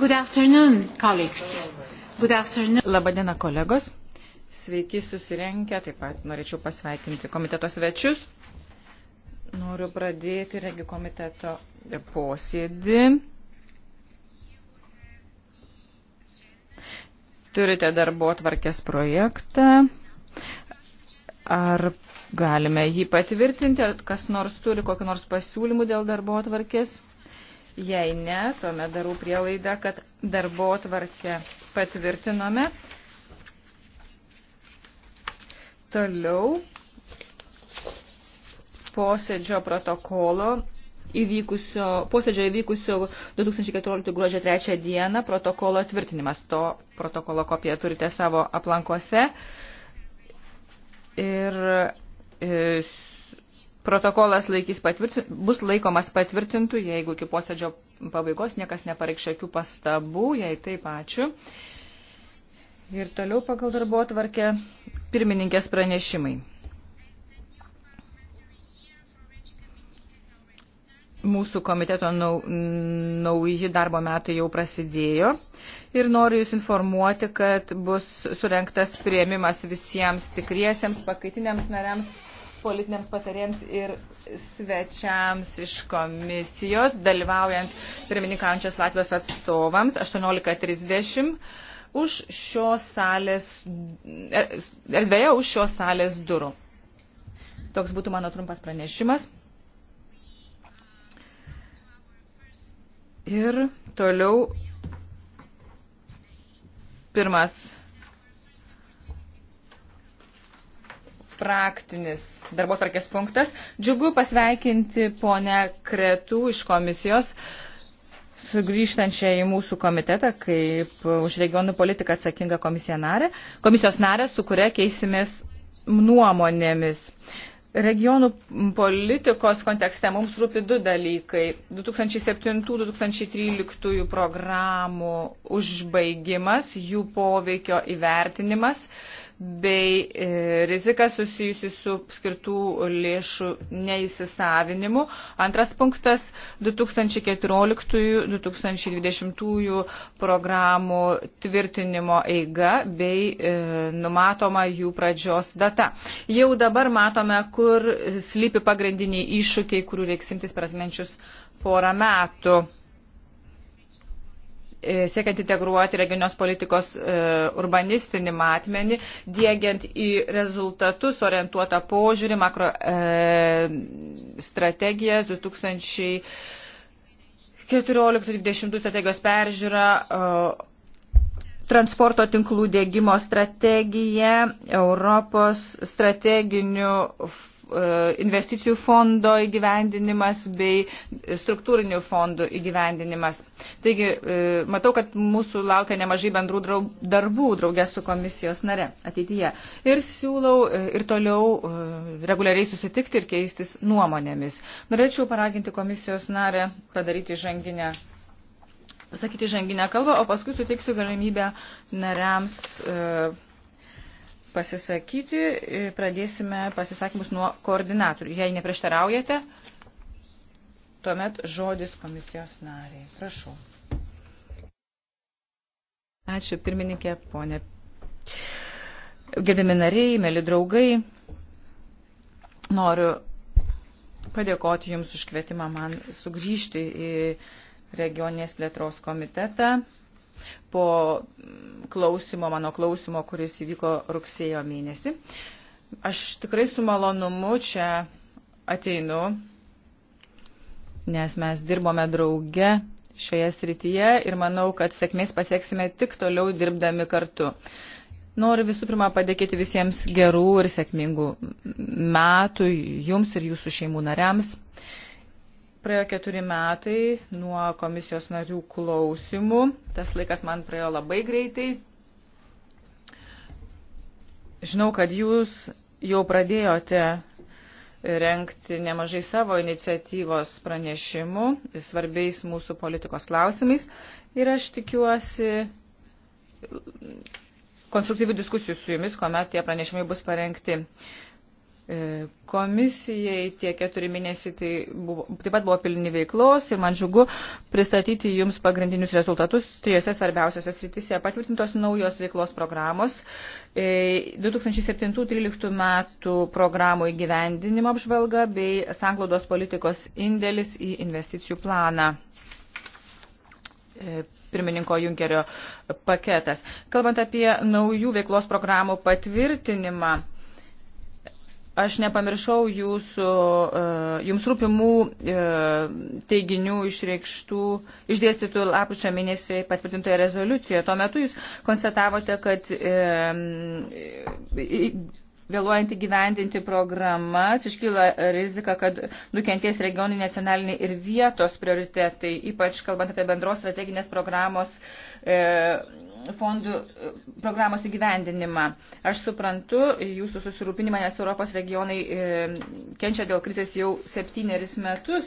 Good afternoon, colleagues. Good afternoon. Labadiena, kolegos. Sveiki susirenkę, taip pat norėčiau pasveikinti komiteto svečius. Noriu pradėti regi komiteto posėdį. Turite darbo atvarkės projektą. Ar galime jį patvirtinti, ar kas nors turi kokį nors pasiūlymų dėl darbo atvarkės? Jei ne, tuomet darau prielaidą, kad darbo tvarkę patvirtinome. Toliau posėdžio protokolo įvykusio, posėdžio įvykusio 2014 gruodžio 3 dieną protokolo tvirtinimas. To protokolo kopiją turite savo aplankose. Ir, ir e, Protokolas laikys patvirtin, bus laikomas patvirtintų, jeigu iki posėdžio pabaigos niekas nepareikš jokių pastabų, jei taip ačiū. Ir toliau pagal darbo atvarkę pirmininkės pranešimai. mūsų komiteto nau, nauji darbo metai jau prasidėjo ir noriu Jūs informuoti, kad bus surenktas prieimimas visiems tikriesiems pakaitiniams nariams politiniams patarėjams ir svečiams iš komisijos, dalyvaujant pirmininkaujančios Latvijos atstovams 18.30 už šios salės, e, erdvėje už šios salės durų. Toks būtų mano trumpas pranešimas. Ir toliau pirmas praktinis darbo tvarkės punktas. Džiugu pasveikinti ponę Kretų iš komisijos sugrįžtančią į mūsų komitetą kaip už regionų politiką atsakinga narė, komisijos narė, su kuria keisimės nuomonėmis. Regionų politikos kontekste mums rūpi du dalykai. 2007-2013 programų užbaigimas, jų poveikio įvertinimas bei e, rizika susijusi su skirtų lėšų neįsisavinimu. Antras punktas 2014-2020 programų tvirtinimo eiga bei e, numatoma jų pradžios data. Jau dabar matome, kur slypi pagrindiniai iššūkiai, kurių reiksimtis per atmenčius porą metų. E, siekiant integruoti regionios politikos e, urbanistinį matmenį, dėgiant į rezultatus orientuotą požiūrį makro e, strategiją 2014-2020 strategijos peržiūrą, e, transporto tinklų dėgymo strategiją, Europos strateginių E, investicijų fondo įgyvendinimas bei struktūrinių fondų įgyvendinimas. Taigi, e, matau, kad mūsų laukia nemažai bendrų darbų draugės su komisijos nare ateityje. Ir siūlau e, ir toliau reguliariai susitikti ir keistis nuomonėmis. Norėčiau paraginti komisijos narę padaryti žanginę sakyti žanginę kalbą, o paskui suteiksiu galimybę nariams e, pasisakyti. Pradėsime pasisakymus nuo koordinatorių. Jei neprieštaraujate, tuomet žodis komisijos nariai. Prašau. Ačiū pirmininkė, ponė. Gerbiami nariai, mėly draugai, noriu padėkoti Jums už kvietimą man sugrįžti į regioninės plėtros komitetą po klausimo, mano klausimo, kuris įvyko rugsėjo mėnesį. Aš tikrai su malonumu čia ateinu, nes mes dirbome drauge šioje srityje ir manau, kad sėkmės pasieksime tik toliau dirbdami kartu. Noriu visų pirma padėkėti visiems gerų ir sėkmingų metų jums ir jūsų šeimų nariams. Praėjo keturi metai nuo komisijos narių klausimų. Tas laikas man praėjo labai greitai. Žinau, kad jūs jau pradėjote renkti nemažai savo iniciatyvos pranešimų svarbiais mūsų politikos klausimais ir aš tikiuosi konstruktyvių diskusijų su jumis, kuomet tie pranešimai bus parengti. Uh, E, komisijai. Tie keturi mėnesiai tai buvo, taip pat buvo pilni veiklos ir man džiugu pristatyti jums pagrindinius rezultatus. Trijose svarbiausiose srityse patvirtintos naujos veiklos programos. 2007-2013 e, metų programų įgyvendinimo apžvalga bei sanglaudos politikos indėlis į investicijų planą e, pirmininko Junkerio paketas. Kalbant apie naujų veiklos programų patvirtinimą, aš nepamiršau jūsų, e, jums rūpimų e, teiginių išreikštų, išdėstytų lapkričio mėnesį patvirtintoje rezoliucijoje. Tuo metu jūs konstatavote, kad e, vėluojant įgyvendinti programas iškyla rizika, kad nukentės regionai, nacionaliniai ir vietos prioritetai, ypač kalbant apie bendros strateginės programos fondų e, programos įgyvendinimą. Aš suprantu jūsų susirūpinimą, nes Europos regionai e, kenčia dėl krizės jau septyneris metus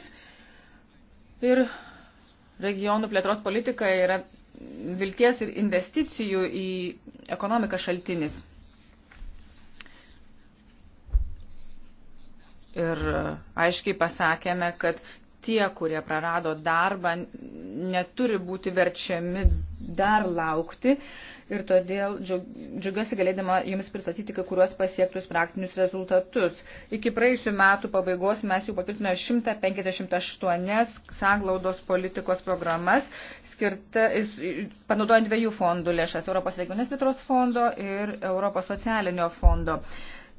ir regionų plėtros politika yra vilties ir investicijų į ekonomiką šaltinis. Ir aiškiai pasakėme, kad tie, kurie prarado darbą, neturi būti verčiami dar laukti. Ir todėl džiugiuosi galėdama Jums pristatyti kai kuriuos pasiektus praktinius rezultatus. Iki praėjusių metų pabaigos mes jau patvirtinome 158 sanglaudos politikos programas, skirta, panaudojant dviejų fondų lėšas - Europos regionės plėtros fondo ir Europos socialinio fondo.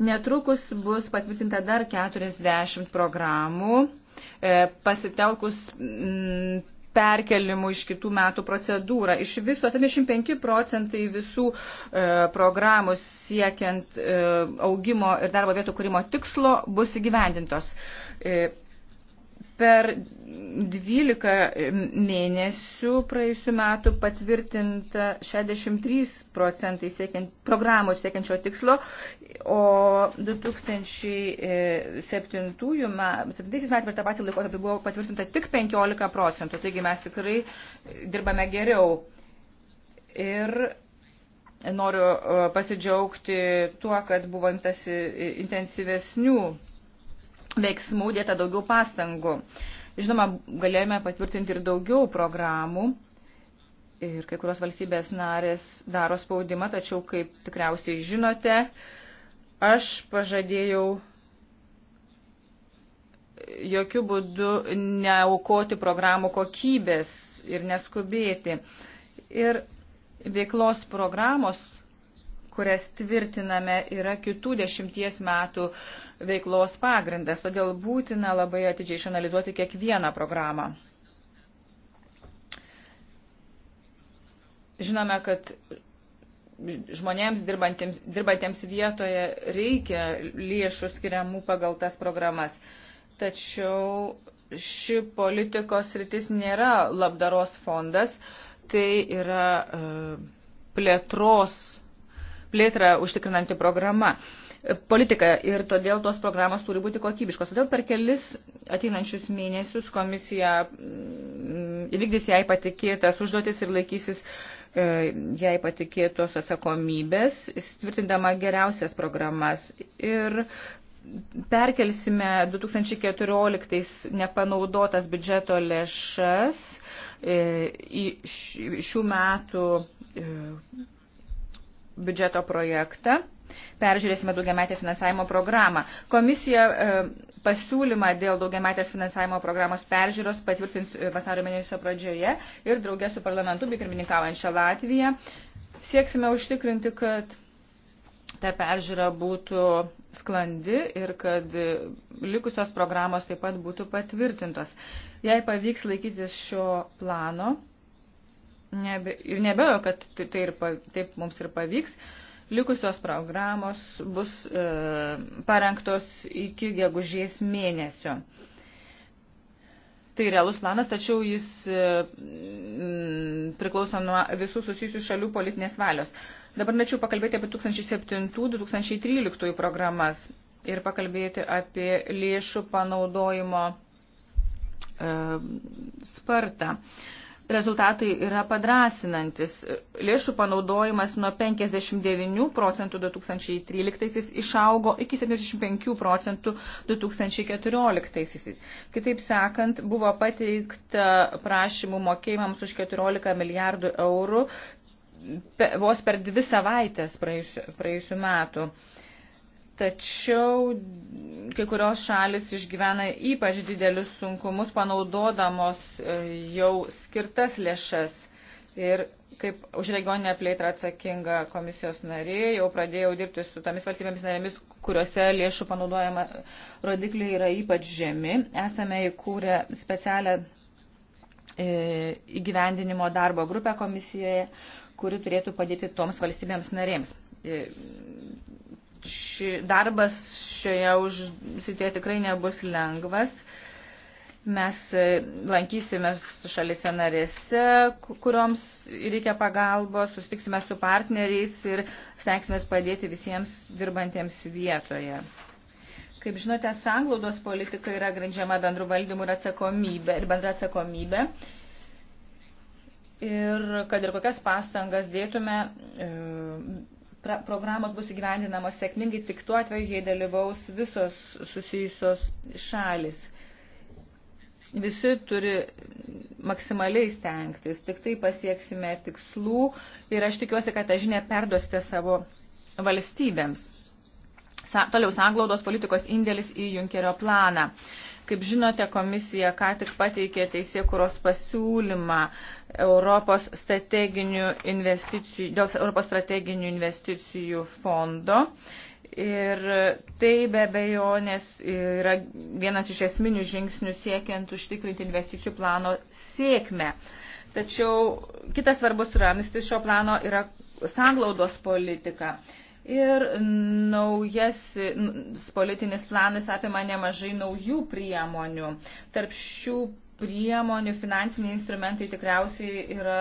Netrukus bus patvirtinta dar 40 programų, e, pasitelkus perkelimų iš kitų metų procedūrą. Iš viso 75 procentai visų e, programų siekiant e, augimo ir darbo vietų kūrimo tikslo bus įgyvendintos. E, per 12 mėnesių praėjusiu metu patvirtinta 63 procentai siekiant, programų siekiančio tikslo, o 2007 metais per tą patį laikotarpį buvo patvirtinta tik 15 procentų, taigi mes tikrai dirbame geriau. Ir noriu e, pasidžiaugti tuo, kad buvo imtasi intensyvesnių veiksmų dėta daugiau pastangų. Žinoma, galėjome patvirtinti ir daugiau programų ir kai kurios valstybės narės daro spaudimą, tačiau, kaip tikriausiai žinote, aš pažadėjau jokių būdų neaukoti programų kokybės ir neskubėti. Ir veiklos programos kurias tvirtiname, yra kitų dešimties metų veiklos pagrindas, todėl būtina labai atidžiai išanalizuoti kiekvieną programą. Žinome, kad žmonėms dirbantiems, dirbantiems vietoje reikia lėšų skiriamų pagal tas programas. Tačiau ši politikos rytis nėra labdaros fondas, tai yra e, plėtros plėtrą užtikrinanti programa politika ir todėl tos programos turi būti kokybiškos. Todėl per kelis ateinančius mėnesius komisija mm, įvykdys jai patikėtas užduotis ir laikysis e, jai patikėtos atsakomybės, tvirtindama geriausias programas. Ir perkelsime 2014 nepanaudotas biudžeto lėšas e, į šių metų e, biudžeto projektą, peržiūrėsime daugiametę finansavimo programą. Komisija e, pasiūlymą dėl daugiametės finansavimo programos peržiūros patvirtins e, vasario mėnesio pradžioje ir draugės su parlamentu bei pirmininkaujančia Latvija. Sieksime užtikrinti, kad ta peržiūra būtų sklandi ir kad likusios programos taip pat būtų patvirtintos. Jei pavyks laikytis šio plano, nebe, ir nebejo, kad tai, tai ir, taip mums ir pavyks. Likusios programos bus e, parengtos iki gegužės mėnesio. Tai realus planas, tačiau jis e, m, priklauso nuo visų susijusių šalių politinės valios. Dabar norėčiau pakalbėti apie 2007-2013 programas ir pakalbėti apie lėšų panaudojimo e, spartą. E, rezultatai yra padrasinantis. Lėšų panaudojimas nuo 59 procentų 2013 išaugo iki 75 procentų 2014. Kitaip sakant, buvo pateikta prašymų mokėjimams už 14 milijardų eurų vos per dvi savaitės praėjusių, praėjusių metų. Tačiau kai kurios šalis išgyvena ypač didelius sunkumus, panaudodamos e, jau skirtas lėšas. Ir kaip už regioninę plėtrą atsakinga komisijos narė, jau pradėjau dirbti su tomis valstybėmis narėmis, kuriuose lėšų panaudojama rodikliai yra ypač žemi. Esame įkūrę specialią e, įgyvendinimo darbo grupę komisijoje, kuri turėtų padėti toms valstybėms narėms e, ši, darbas šioje užsitie tikrai nebus lengvas. Mes e, lankysime šalise narėse, kurioms reikia pagalbos, sustiksime su partneriais ir stengsime padėti visiems dirbantiems vietoje. Kaip žinote, sanglaudos politika yra grindžiama bendru valdymu ir, atsakomybė, ir bendra atsakomybė. Ir kad ir kokias pastangas dėtume, e, programos bus įgyvendinamos sėkmingai tik tuo atveju, jei dalyvaus visos susijusios šalis. Visi turi maksimaliai stengtis, tik tai pasieksime tikslų ir aš tikiuosi, kad tą žinę perduosite savo valstybėms. Sa toliau sanglaudos politikos indėlis į Junkerio planą. Uh, Kaip žinote, komisija ką tik pateikė teisėkuros pasiūlymą Europos strateginių investicijų, dėl Europos strateginių investicijų fondo. Ir tai be bejonės yra vienas iš esminių žingsnių siekiant užtikrinti investicijų plano sėkmę. Tačiau kitas svarbus ramstis šio plano yra sanglaudos politika. Ir naujasis politinis planas apima nemažai naujų priemonių. Tarp šių priemonių finansiniai instrumentai tikriausiai yra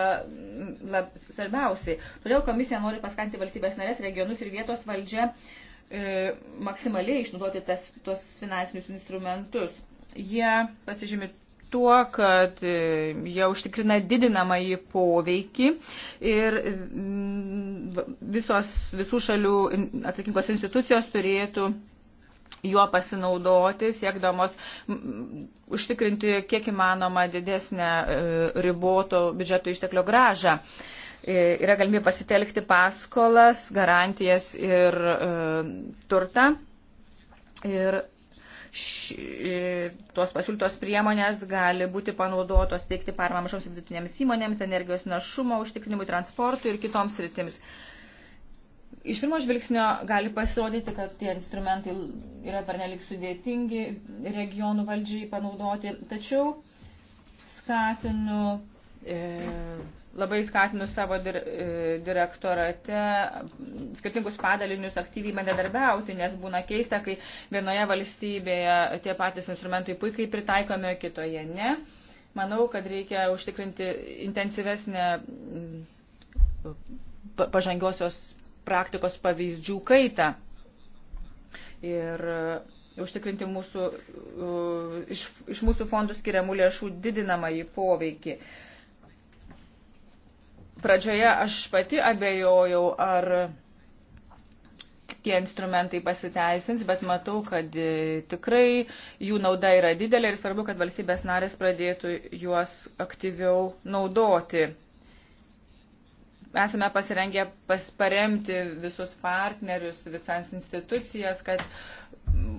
lab, svarbiausiai. Todėl komisija nori paskanti valstybės narės, regionus ir vietos valdžią e, maksimaliai išnaudoti tas, tuos finansinius instrumentus. Jie pasižymi tuo, kad e, jie užtikrina didinamą į poveikį ir mm, visos, visų šalių atsakingos institucijos turėtų juo pasinaudoti, siekdamos užtikrinti kiek įmanoma didesnę e, riboto biudžeto išteklio gražą. E, yra galimybė pasitelkti paskolas, garantijas ir turtą. Ir š, e, tuos pasiūlytos priemonės gali būti panaudotos teikti paramą mažoms vidutinėms įmonėms, energijos našumo užtikrinimui, transportui ir kitoms rytims. Iš pirmo žvilgsnio gali pasirodyti, kad tie instrumentai yra pernelik sudėtingi regionų valdžiai panaudoti, tačiau skatinu e, labai skatinu savo dir, e, direktorate skirtingus padalinius aktyviai bendradarbiauti, nes būna keista, kai vienoje valstybėje tie patys instrumentai puikiai pritaikomi, kitoje ne. Manau, kad reikia užtikrinti intensyvesnę mm, pažangiosios praktikos pavyzdžių kaitą. Ir užtikrinti mūsų, iš, iš mūsų fondų skiriamų lėšų didinamąjį poveikį. Uh, Pradžioje aš pati abejojau, ar tie instrumentai pasiteisins, bet matau, kad e, tikrai jų nauda yra didelė ir svarbu, kad valstybės narės pradėtų juos aktyviau naudoti. Esame pasirengę pasparemti visus partnerius, visas institucijas, kad uh,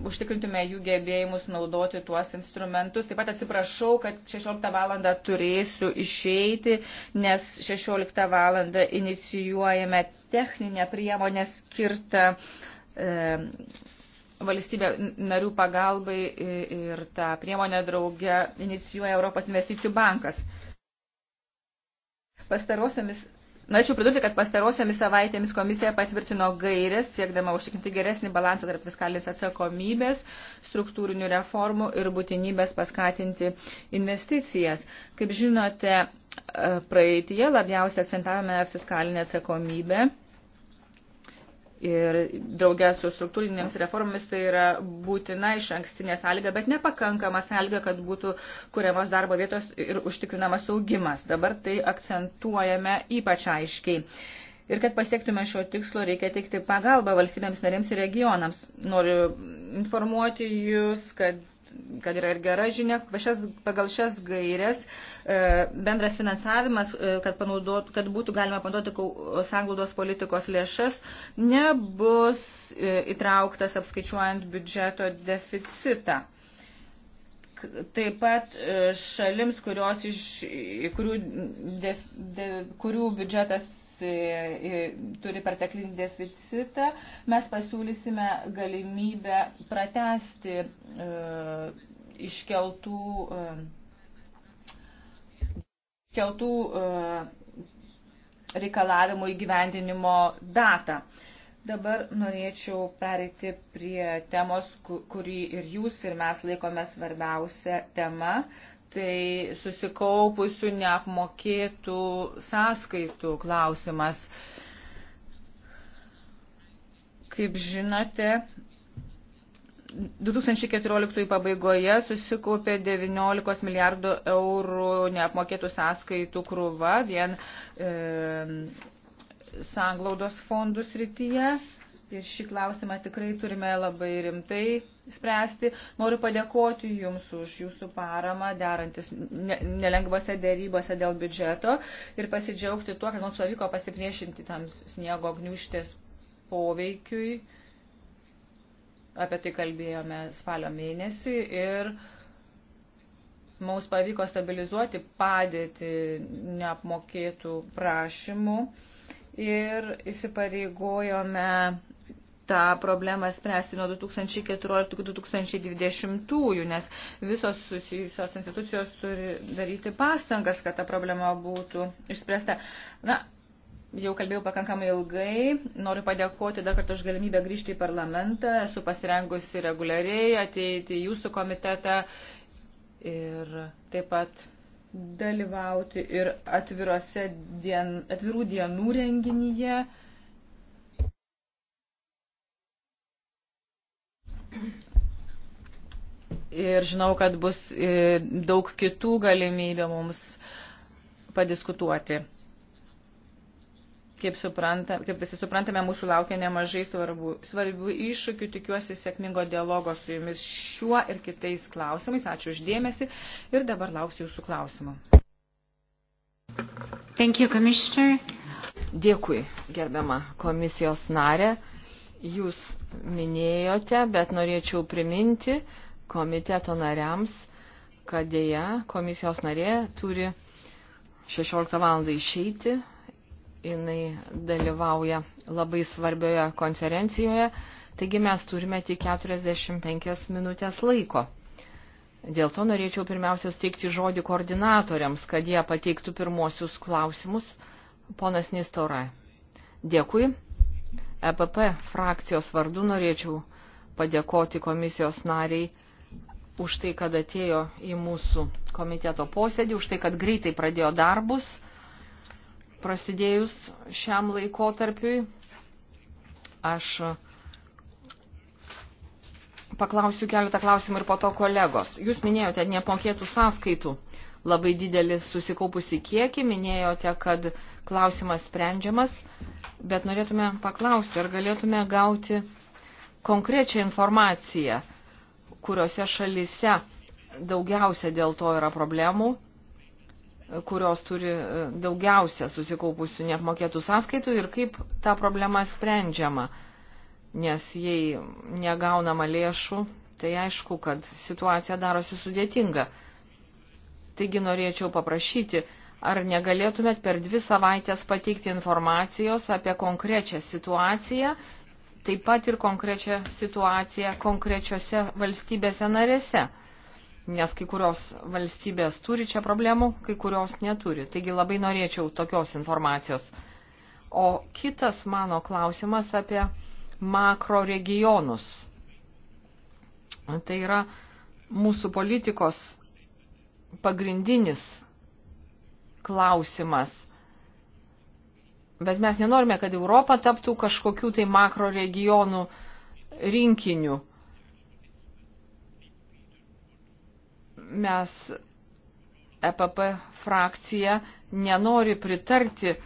užtikrintume jų gebėjimus naudoti tuos instrumentus. Taip pat atsiprašau, kad 16 valandą turėsiu išeiti, nes 16 valandą inicijuojame techninę priemonę skirtą e, valstybė narių pagalbai e, ir tą priemonę draugę inicijuoja Europos investicijų bankas. Pastarosiomis Norėčiau pridurti, kad pastarosiamis savaitėmis komisija patvirtino gairės, siekdama užtikrinti geresnį balansą tarp fiskalinės atsakomybės, struktūrinių reformų ir būtinybės paskatinti investicijas. Kaip žinote, e, praeitie labiausiai akcentavome fiskalinę atsakomybę ir daugia su struktūrinėms reformomis tai yra būtina iš ankstinė sąlyga, bet nepakankama sąlyga, kad būtų kuriamos darbo vietos ir užtikrinamas augimas. Dabar tai akcentuojame ypač aiškiai. Ir kad pasiektume šio tikslo, reikia teikti pagalbą valstybėms narėms ir regionams. Noriu informuoti Jūs, kad kad yra ir gera žinia, šias, pagal šias gairias e, bendras finansavimas, e, kad, panaudot, kad būtų galima panaudoti sanglaudos politikos lėšas, nebus e, įtrauktas apskaičiuojant biudžeto deficitą taip pat šalims, kurios iš, kurių, de, de, kurių biudžetas E, e, turi perteklinį deficitą, mes pasiūlysime galimybę pratesti e, iškeltų, iškeltų reikalavimų įgyvendinimo datą. Dabar norėčiau pereiti prie temos, kurį ir jūs, ir mes laikome svarbiausią temą tai susikaupusių neapmokėtų sąskaitų klausimas. Kaip žinote, 2014 pabaigoje susikaupė 19 milijardų eurų neapmokėtų sąskaitų krūva vien e, sanglaudos fondų srityje. E, ir šį klausimą tikrai turime labai rimtai spręsti. Noriu padėkoti Jums už Jūsų paramą derantis nelengvose dėrybose dėl biudžeto ir pasidžiaugti tuo, kad mums pavyko pasipriešinti tam sniego gniuštės poveikiui. Apie tai kalbėjome spalio mėnesį ir mums pavyko stabilizuoti padėtį neapmokėtų prašymų ir įsipareigojome tą problemą spręsti nuo 2014-2020, nes visos susijusios institucijos turi daryti pastangas, kad ta problema būtų išspręsta. Na, jau kalbėjau pakankamai ilgai, noriu padėkoti dar kartą už galimybę grįžti į parlamentą, esu pasirengusi reguliariai ateiti į jūsų komitetą ir taip pat dalyvauti ir dien, atvirų dienų renginyje. Ir žinau, kad bus e, daug kitų galimybė mums padiskutuoti. Kaip, supranta, kaip visi suprantame, mūsų laukia nemažai svarbių, svarbių iššūkių. Tikiuosi sėkmingo dialogo su jumis šiuo ir kitais klausimais. Ačiū uždėmesi ir dabar lauksiu jūsų klausimų. Thank you, Dėkui, gerbiama komisijos narė jūs minėjote, bet norėčiau priminti komiteto nariams, kad dėja komisijos narė turi 16 val. išeiti. Jis dalyvauja labai svarbioje konferencijoje, taigi mes turime tik 45 minutės laiko. Dėl to norėčiau pirmiausia steikti žodį koordinatoriams, kad jie pateiktų pirmosius klausimus. Ponas Nistora. Dėkui. EPP frakcijos vardu norėčiau padėkoti komisijos nariai už tai, kad atėjo į mūsų komiteto posėdį, už tai, kad greitai pradėjo darbus, prasidėjus šiam laikotarpiui. Aš paklausiu keletą klausimų ir po to kolegos. Jūs minėjote neapmokėtų sąskaitų labai didelį susikaupusi kiekį, minėjote, kad klausimas sprendžiamas, bet norėtume paklausti, ar galėtume gauti konkrečią informaciją, kuriuose šalise daugiausia dėl to yra problemų, kurios turi daugiausia susikaupusių neapmokėtų sąskaitų ir kaip ta problema sprendžiama. Nes jei negaunama lėšų, tai aišku, kad situacija darosi sudėtinga. Taigi norėčiau paprašyti, ar negalėtumėt per dvi savaitės pateikti informacijos apie konkrečią situaciją, taip pat ir konkrečią situaciją konkrečiose valstybėse narėse. Nes kai kurios valstybės turi čia problemų, kai kurios neturi. Taigi labai norėčiau tokios informacijos. O kitas mano klausimas apie makro regionus. Tai yra mūsų politikos pagrindinis klausimas. Bet mes nenorime, kad Europa taptų kažkokių tai makro regionų rinkiniu. Mes EPP frakcija nenori pritarti e,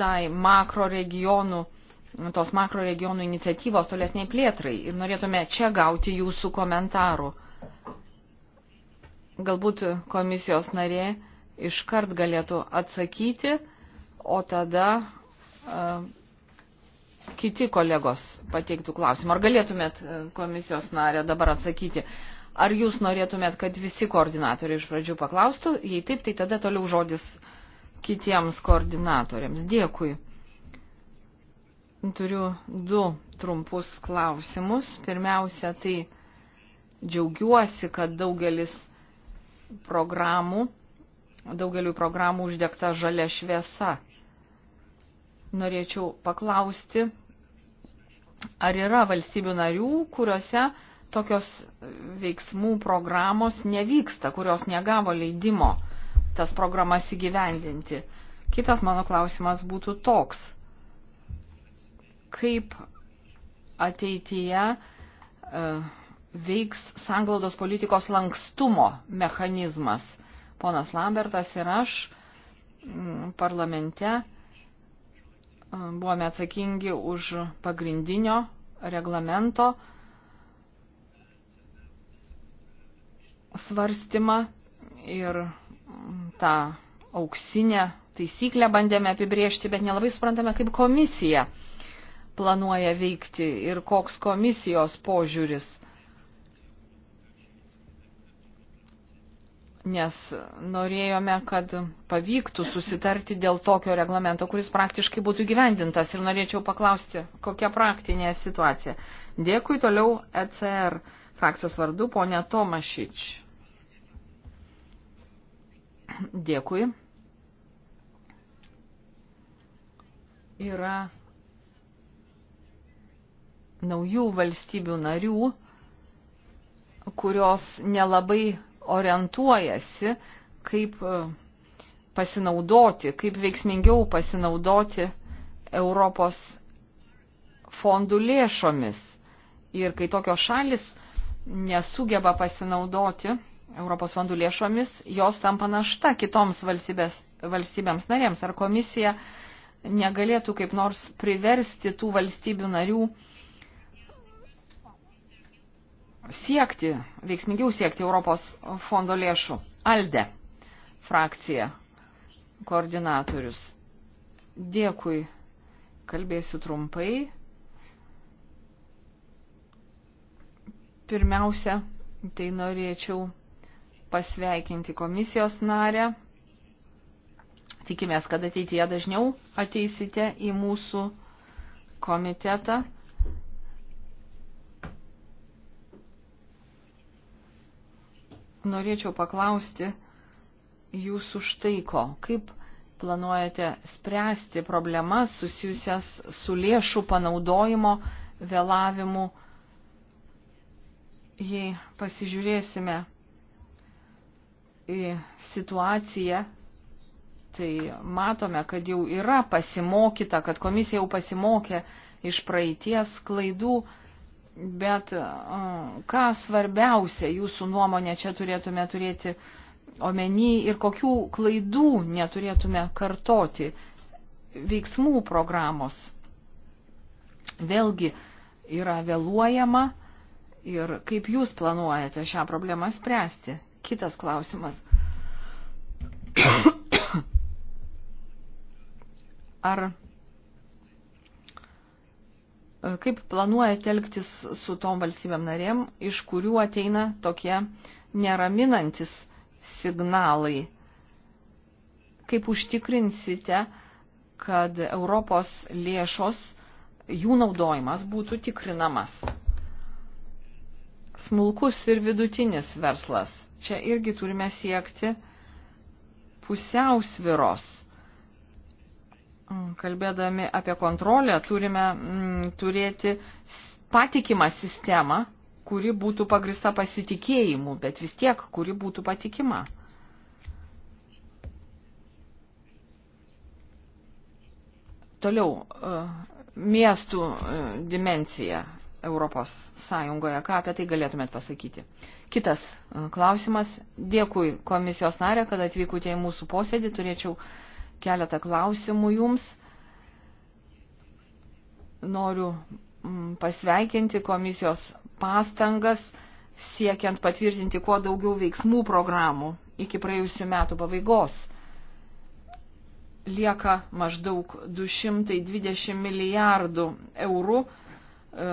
tai makro regionų, tos makro regionų iniciatyvos tolesniai plėtrai ir norėtume čia gauti jūsų komentarų. Galbūt komisijos narė iškart galėtų atsakyti, o tada uh, kiti kolegos pateiktų klausimą. Ar galėtumėt e, komisijos narė dabar atsakyti? Ar jūs norėtumėt, kad visi koordinatoriai iš pradžių paklaustų? Jei taip, tai tada toliau žodis kitiems koordinatoriams. Dėkui. Turiu du trumpus klausimus. Pirmiausia, tai džiaugiuosi, kad daugelis programų, daugeliu programų uždegta žalia šviesa. Norėčiau paklausti, ar yra valstybių narių, kuriuose tokios veiksmų programos nevyksta, kurios negavo leidimo tas programas įgyvendinti. Kitas mano klausimas būtų toks. Kaip ateityje uh, veiks sanglaudos politikos lankstumo mechanizmas. Ponas Lambertas ir aš mm, parlamente mm, buvome atsakingi už pagrindinio reglamento svarstymą ir mm, tą auksinę taisyklę bandėme apibriežti, bet nelabai suprantame, kaip komisija planuoja veikti ir koks komisijos požiūris nes norėjome, kad pavyktų susitarti dėl tokio reglamento, kuris praktiškai būtų gyvendintas. Ir norėčiau paklausti, kokia praktinė situacija. Dėkui toliau ECR frakcijos vardu, ponė Tomašič. Dėkui. Yra naujų valstybių narių, kurios nelabai orientuojasi, kaip e, pasinaudoti, kaip veiksmingiau pasinaudoti Europos fondų lėšomis. Ir kai tokios šalis nesugeba pasinaudoti Europos fondų lėšomis, jos tampa našta kitoms valstybės, valstybėms narėms. Ar komisija negalėtų kaip nors priversti tų valstybių narių uh, siekti, veiksmingiau siekti Europos fondo lėšų. Alde frakcija, koordinatorius. Dėkui, kalbėsiu trumpai. Pirmiausia, tai norėčiau pasveikinti komisijos narę. Tikimės, kad ateityje dažniau ateisite į mūsų komitetą. norėčiau paklausti jūsų štai ko. Kaip planuojate spręsti problemas susijusias su lėšų panaudojimo vėlavimu? Jei pasižiūrėsime į situaciją, tai matome, kad jau yra pasimokyta, kad komisija jau pasimokė iš praeities klaidų Bet ką svarbiausia jūsų nuomonė čia turėtume turėti omeny ir kokių klaidų neturėtume kartoti veiksmų programos. Vėlgi yra vėluojama ir kaip jūs planuojate šią problemą spręsti. Kitas klausimas. Ar Kaip planuojate elgtis su tom valstybėm narėm, iš kurių ateina tokie neraminantis signalai? Kaip užtikrinsite, kad Europos lėšos, jų naudojimas būtų tikrinamas? Smulkus ir vidutinis verslas. Čia irgi turime siekti pusiausviros kalbėdami apie kontrolę, turime mm, turėti patikimą sistemą, kuri būtų pagrista pasitikėjimu, bet vis tiek, kuri būtų patikima. Toliau, e, miestų e, dimencija Europos Sąjungoje, ką apie tai galėtumėt pasakyti? Kitas e, klausimas. Dėkui komisijos narė, kad atvykote į mūsų posėdį. Turėčiau uh, keletą klausimų jums. Noriu mm, pasveikinti komisijos pastangas siekiant patvirtinti kuo daugiau veiksmų programų iki praėjusių metų pabaigos. Lieka maždaug 220 milijardų eurų, e,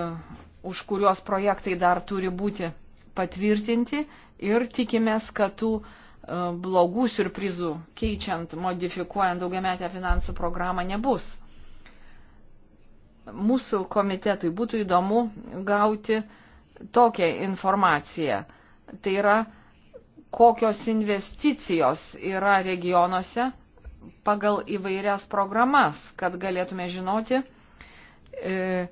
už kurios projektai dar turi būti patvirtinti ir tikimės, kad tų uh, E, blogų surprizų keičiant, modifikuojant daugiametę finansų programą nebus. Mūsų komitetui būtų įdomu gauti tokią informaciją. Tai yra, kokios investicijos yra regionuose pagal įvairias programas, kad galėtume žinoti, e,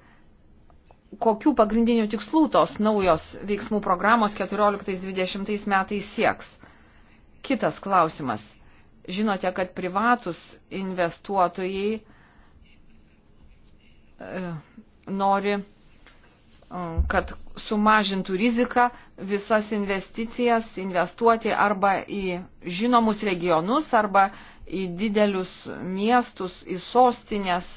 kokių pagrindinių tikslų tos naujos veiksmų programos 14-20 metais sieks Kitas klausimas. Žinote, kad privatus investuotojai e, nori, e, kad sumažintų riziką visas investicijas investuoti arba į žinomus regionus, arba į didelius miestus, į sostinės.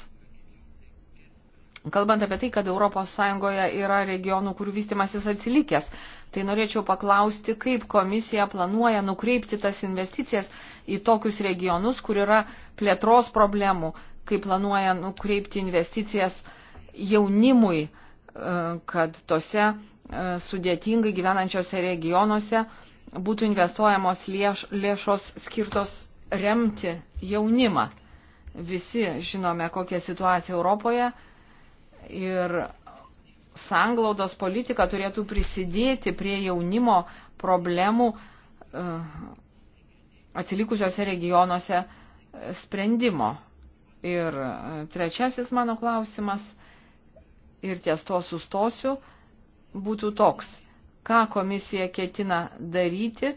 Kalbant apie tai, kad ES yra regionų, kurių vystimasis atsilikęs, Tai norėčiau paklausti, kaip komisija planuoja nukreipti tas investicijas į tokius regionus, kur yra plėtros problemų, kaip planuoja nukreipti investicijas jaunimui, e, kad tose e, sudėtingai gyvenančiose regionuose būtų investuojamos lėš, lėšos skirtos remti jaunimą. Visi žinome, kokia situacija Europoje ir sanglaudos politika turėtų prisidėti prie jaunimo problemų e, atsilikusiuose regionuose e, sprendimo. Ir e, trečiasis mano klausimas, ir ties to sustosiu, būtų toks, ką komisija ketina daryti,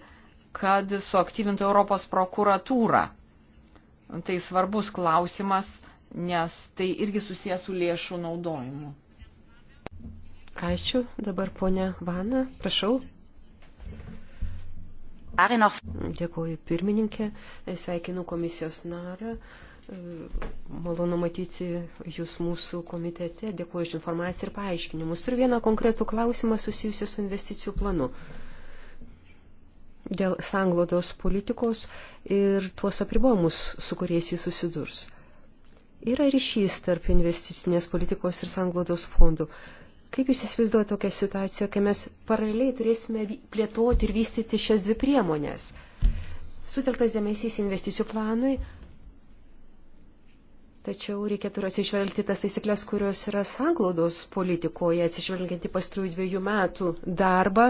kad suaktyvintų Europos prokuratūrą. Tai svarbus klausimas, nes tai irgi susijęs su lėšų naudojimu. Ačiū. Dabar ponia Vana, prašau. Dėkuoju pirmininkė, sveikinu komisijos narą. Malonu matyti Jūs mūsų komitete. Dėkuoju už informaciją ir paaiškinimus. Turiu vieną konkretų klausimą susijusią su investicijų planu dėl sanglodos politikos ir tuos apribomus, su kuriais jis susidurs. Yra ryšys tarp investicinės politikos ir sanglodos fondų. Kaip jūs įsivaizduojate tokią situaciją, kai mes paraleliai turėsime plėtoti ir vystyti šias dvi priemonės? Sutelktas dėmesys investicijų planui, tačiau reikėtų atsižvelgti tas taisyklės, kurios yra sanglaudos politikoje, atsižvelgiant į pastarųjų dviejų metų darbą.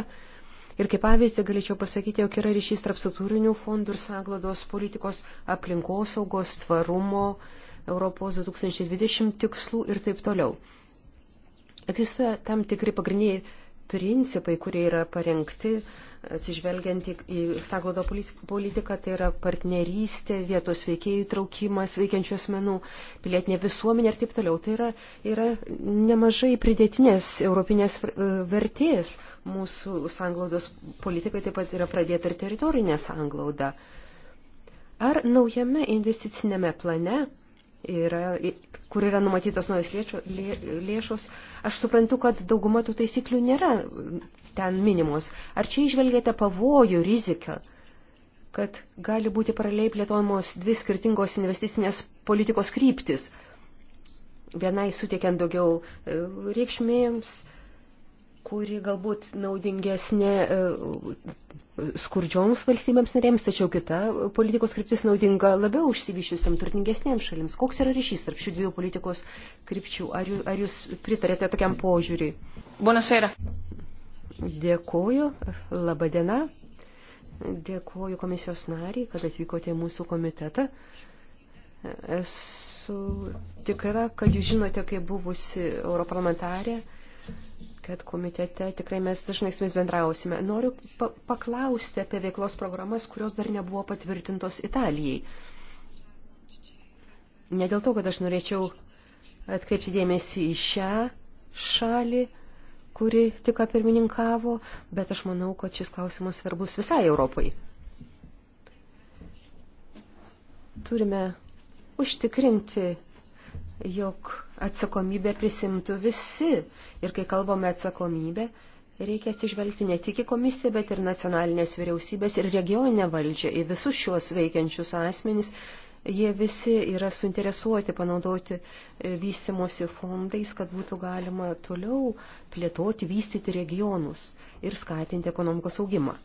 Ir kaip pavyzdį galėčiau pasakyti, jog yra ryšys tarp struktūrinių fondų ir sanglaudos politikos aplinkosaugos, tvarumo, Europos 2020 tikslų ir taip toliau. Egzistuoja tam tikri pagrindiniai principai, kurie yra parengti atsižvelgiant į saglodo politiką, tai yra partnerystė, vietos veikėjų traukimas, veikiančių asmenų, pilietinė visuomenė ir taip toliau. Tai yra, yra nemažai pridėtinės europinės e, vertės mūsų sanglaudos politikai, taip pat yra pradėta ir teritorinė sanglauda. Ar naujame investicinėme plane yra, kur yra numatytos naujos lėšo, lė, lėšos. Aš suprantu, kad dauguma tų taisyklių nėra ten minimos. Ar čia išvelgėte pavojų, riziką, kad gali būti paraliai plėtojamos dvi skirtingos investicinės politikos kryptis? Vienai sutiekiant daugiau e, reikšmėms, kuri galbūt naudingesnė e, skurdžioms valstybėms narėms, tačiau kita politikos kryptis naudinga labiau užsivyšiusiam turtingesnėms šalims. Koks yra ryšys tarp šių dviejų politikos krypčių? Ar, jūs, ar jūs pritarėte tokiam požiūriui? Buonasera. Dėkuoju. Labadiena. Dėkuoju komisijos nariai, kad atvykote į mūsų komitetą. Esu tikra, kad jūs žinote, kaip buvusi europarlamentarė kad komitete tikrai mes dažnai su jumis bendrausime. Noriu pa paklausti apie veiklos programas, kurios dar nebuvo patvirtintos Italijai. Ne dėl to, kad aš norėčiau atkreipti dėmesį į šią šalį, kuri tik pirmininkavo, bet aš manau, kad šis klausimas svarbus visai Europai. Turime užtikrinti, jog atsakomybę prisimtų visi Ir kai kalbame atsakomybę, reikia atsižvelgti ne tik į komisiją, bet ir nacionalinės vyriausybės ir regioninę valdžią, į visus šiuos veikiančius asmenys. Jie visi yra suinteresuoti panaudoti e, vystimosi fondais, kad būtų galima toliau plėtoti, vystyti regionus ir skatinti ekonomikos augimą.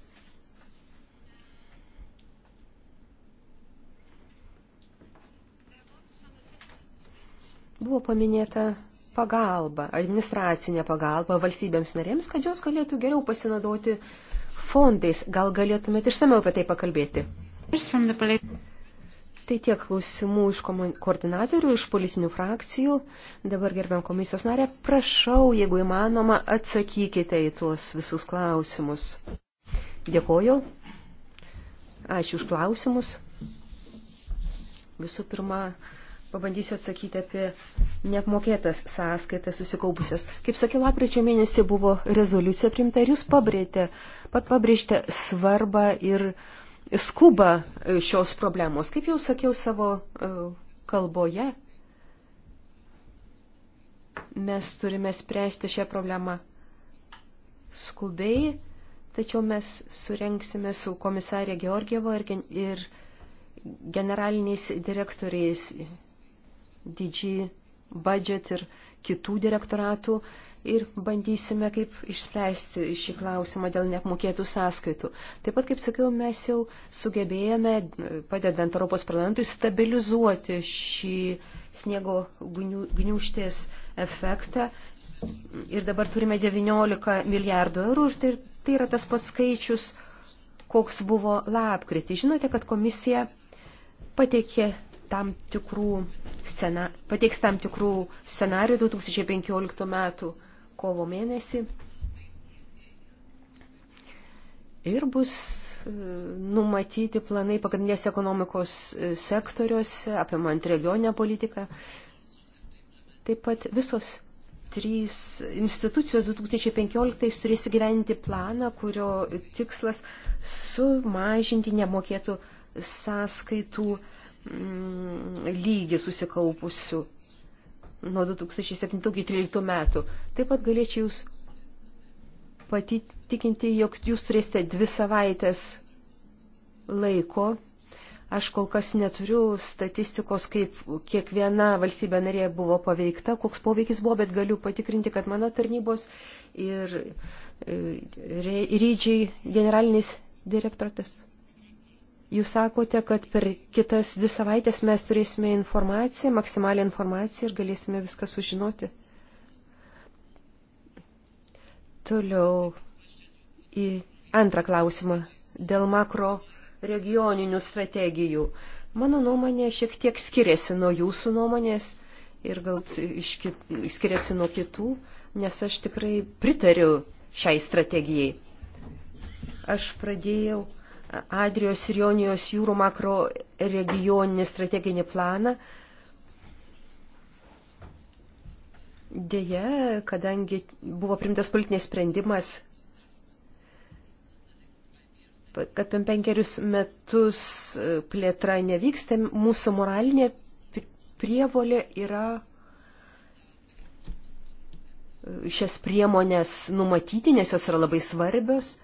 Buvo paminėta pagalbą, administracinę pagalbą valstybėms narėms, kad jos galėtų geriau pasinaudoti fondais. Gal galėtumėte išsameu apie tai pakalbėti? Tai tiek klausimų iš koordinatorių, iš politinių frakcijų. Dabar gerbiam komisijos narę, prašau, jeigu įmanoma, atsakykite į tuos visus klausimus. Dėkoju. Ačiū už klausimus. Visų pirma, Pabandysiu atsakyti apie neapmokėtas sąskaitas susikaupusias. Kaip sakiau, lapkričio mėnesį buvo rezoliucija primta ir jūs pabrėžte, pat pabrėžte svarbą ir skubą e, šios problemos. Kaip jau sakiau savo e, kalboje, mes turime spręsti šią problemą skubiai, tačiau mes surenksime su komisarė Georgievo ir, ir generaliniais direktoriais DG budget ir kitų direktoratų ir bandysime kaip išspręsti šį klausimą dėl neapmokėtų sąskaitų. Taip pat, kaip sakiau, mes jau sugebėjome, padedant Europos parlamentui, stabilizuoti šį sniego gniuštės efektą. Ir dabar turime 19 milijardų eurų ir tai, tai yra tas pats skaičius, koks buvo lapkritį. Žinote, kad komisija pateikė tam tikrų scena, pateiks tam tikrų scenarių 2015 metų kovo mėnesį ir bus e, numatyti planai pagrindinės ekonomikos e, sektoriuose, apimant regioninę politiką. Taip pat visos trys institucijos 2015 turės įgyveninti planą, kurio tikslas sumažinti nemokėtų sąskaitų uh, Mm, lygį susikaupusių nuo 2007-2013 metų. Taip pat galėčiau jūs patikinti, jog jūs turėsite dvi savaitės laiko. Aš kol kas neturiu statistikos, kaip kiekviena valstybė narė buvo paveikta, koks poveikis buvo, bet galiu patikrinti, kad mano tarnybos ir e, rydžiai generalinis direktoratas Jūs sakote, kad per kitas dvi savaitės mes turėsime informaciją, maksimalią informaciją ir galėsime viską sužinoti. Toliau į antrą klausimą dėl makro regioninių strategijų. Mano nuomonė šiek tiek skiriasi nuo jūsų nuomonės ir gal skiriasi nuo kitų, nes aš tikrai pritariu šiai strategijai. Aš pradėjau Adrijos ir Jonijos jūrų makro regioninį strateginį planą. Deja, kadangi buvo primtas politinės sprendimas, kad per penkerius metus plėtra nevyksta, mūsų moralinė prievolė yra šias priemonės numatyti, nes jos yra labai svarbios,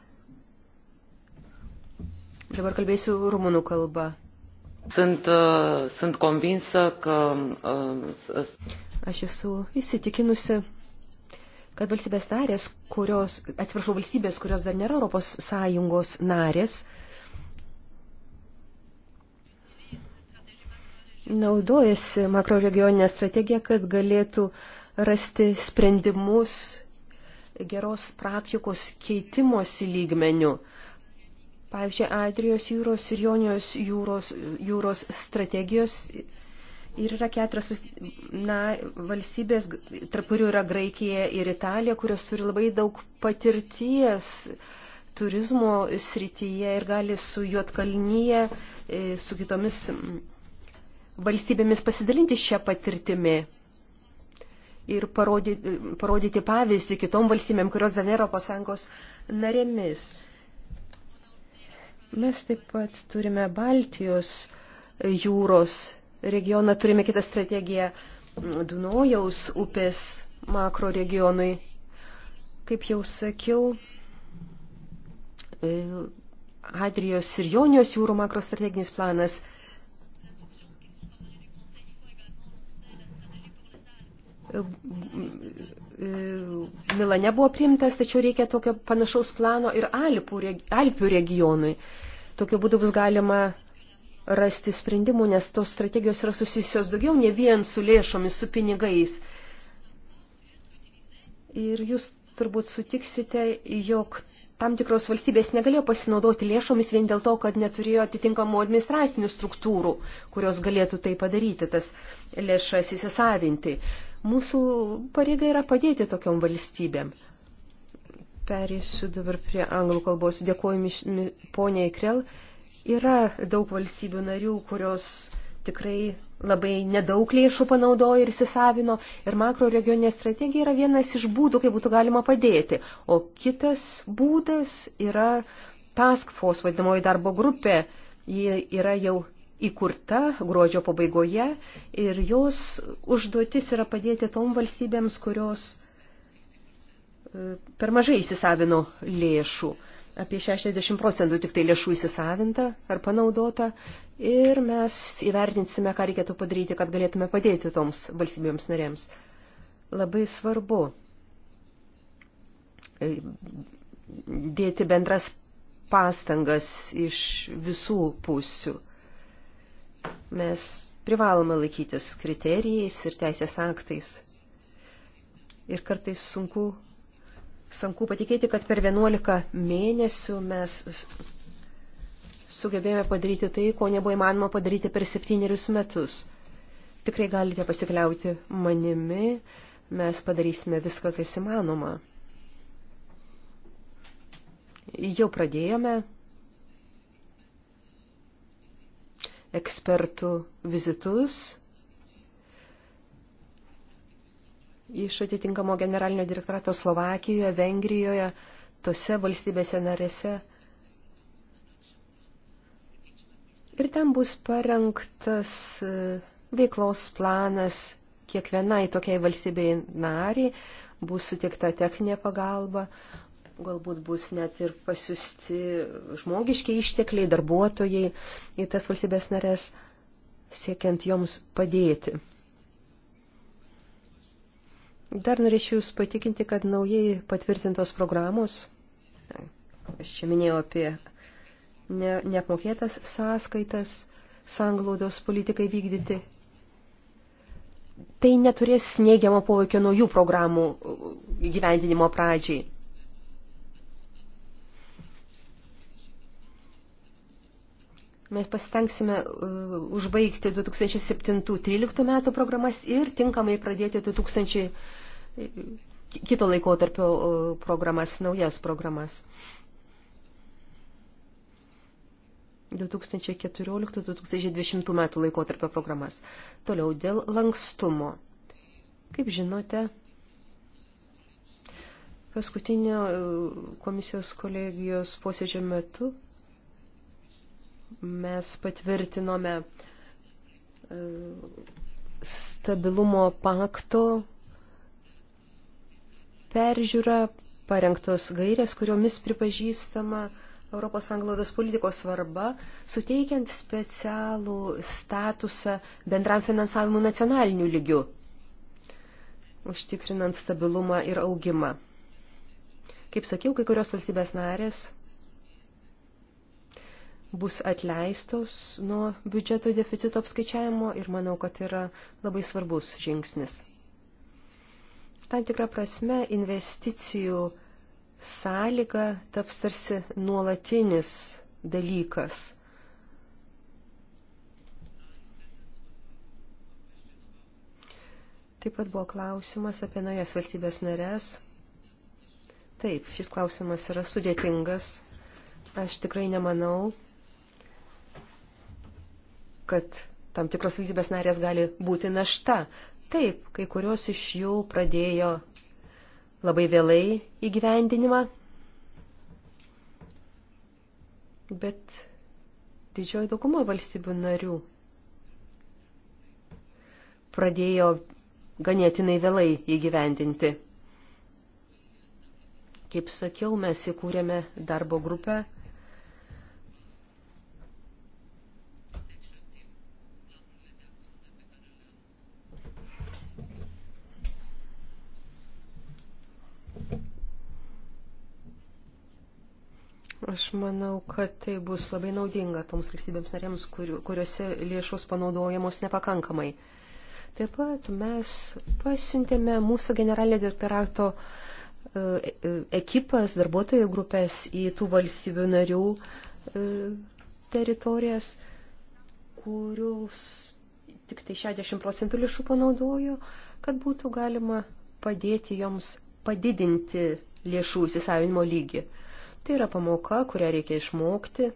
Dabar kalbėsiu rumunų kalba. Sunt, uh, sunt convinsă că... Uh, Aš esu įsitikinusi, kad valstybės narės, kurios, atsiprašau, valstybės, kurios dar nėra Europos Sąjungos narės, naudojasi makroregioninę strategiją, kad galėtų rasti sprendimus geros praktikos keitimosi lygmenių. Uh, Pavyzdžiui, Adrijos jūros ir Jonijos jūros, jūros strategijos ir yra keturios na, valstybės, tarp kurių yra Graikija ir Italija, kurios turi labai daug patirties turizmo srityje ir gali su Juotkalnyje, e, su kitomis valstybėmis pasidalinti šią patirtimį ir parodyti, e, parodyti pavyzdį kitom valstybėm, kurios dar nėra Europos Sąjungos narėmis. Mes taip pat turime Baltijos jūros regioną, turime kitą strategiją Dunojaus upės makro regionui. Kaip jau sakiau, Adrijos ir Jonijos jūrų makro strateginis planas E, Milane buvo priimtas, tačiau reikia tokio panašaus plano ir Alpų, Alpių regionui. Tokiu būdu bus galima rasti sprendimų, nes tos strategijos yra susijusios daugiau ne vien su lėšomis, su pinigais. Ir jūs turbūt sutiksite, jog tam tikros valstybės negalėjo pasinaudoti lėšomis vien dėl to, kad neturėjo atitinkamų administracinių struktūrų, kurios galėtų tai padaryti, tas lėšas įsisavinti. Mūsų pareiga yra padėti tokiom valstybėm. Perėsiu dabar prie anglų kalbos. Dėkuoju poniai Krel. Yra daug valstybių narių, kurios tikrai labai nedaug lėšų panaudojo ir įsisavino. Ir makro regioninė strategija yra vienas iš būdų, kaip būtų galima padėti. O kitas būdas yra task force, vadinamoji darbo grupė. Ji yra jau įkurta gruodžio pabaigoje ir jos užduotis yra padėti tom valstybėms, kurios e, per mažai įsisavino lėšų. Apie 60 procentų tik tai lėšų įsisavinta ar panaudota ir mes įvertinsime, ką reikėtų padaryti, kad galėtume padėti toms valstybėms narėms. Labai svarbu e, dėti bendras pastangas iš visų pusių. Mes privalome laikytis kriterijais ir teisės aktais. Ir kartais sunku, sunku patikėti, kad per 11 mėnesių mes sugebėjome padaryti tai, ko nebuvo įmanoma padaryti per septynerius metus. Tikrai galite pasikliauti manimi, mes padarysime viską, kas įmanoma. Jau pradėjome ekspertų vizitus iš atitinkamo generalinio direktorato Slovakijoje, Vengrijoje, tose valstybėse narėse. Ir ten bus parengtas e, veiklos planas kiekvienai tokiai valstybei nariai, bus sutikta techninė pagalba, galbūt bus net ir pasiusti žmogiškiai ištekliai, darbuotojai į tas valstybės narės, siekiant joms padėti. Dar norėčiau Jūs patikinti, kad naujai patvirtintos programos, aš čia minėjau apie ne, neapmokėtas sąskaitas, sanglaudos politikai vykdyti, tai neturės neigiamo poveikio naujų programų gyvendinimo pradžiai. Mes pasitengsime uh, užbaigti 2007-2013 metų programas ir tinkamai pradėti 2000 uh, kito laikotarpio uh, programas, naujas programas. 2014-2020 metų laikotarpio programas. Toliau dėl lankstumo. Kaip žinote, paskutinio komisijos kolegijos posėdžio metu mes patvirtinome e, stabilumo pakto peržiūrą, parengtos gairės, kuriomis pripažįstama Europos anglodos politikos svarba, suteikiant specialų statusą bendram finansavimu nacionaliniu lygiu, užtikrinant stabilumą ir augimą. Kaip sakiau, kai kurios valstybės narės bus atleistos nuo biudžeto deficito apskaičiavimo ir manau, kad yra labai svarbus žingsnis. Tam tikrą prasme investicijų sąlyga taps tarsi nuolatinis dalykas. Taip pat buvo klausimas apie naujas valstybės narės. Taip, šis klausimas yra sudėtingas. Aš tikrai nemanau, kad tam tikros valstybės narės gali būti našta. Taip, kai kurios iš jų pradėjo labai vėlai įgyvendinimą, bet didžioji dauguma valstybių narių pradėjo ganėtinai vėlai įgyvendinti. Kaip sakiau, mes įkūrėme darbo grupę Aš manau, kad tai bus labai naudinga toms valstybėms narėms, kuriuose lėšos panaudojamos nepakankamai. Taip pat mes pasiuntėme mūsų generalinio direktorato e, e, ekipas, darbuotojų grupės į tų valstybių narių e, teritorijas, kurios tik tai 60 procentų lėšų panaudojo, kad būtų galima padėti joms padidinti lėšų įsisavinimo lygį. Tai yra pamoka, kurią reikia išmokti.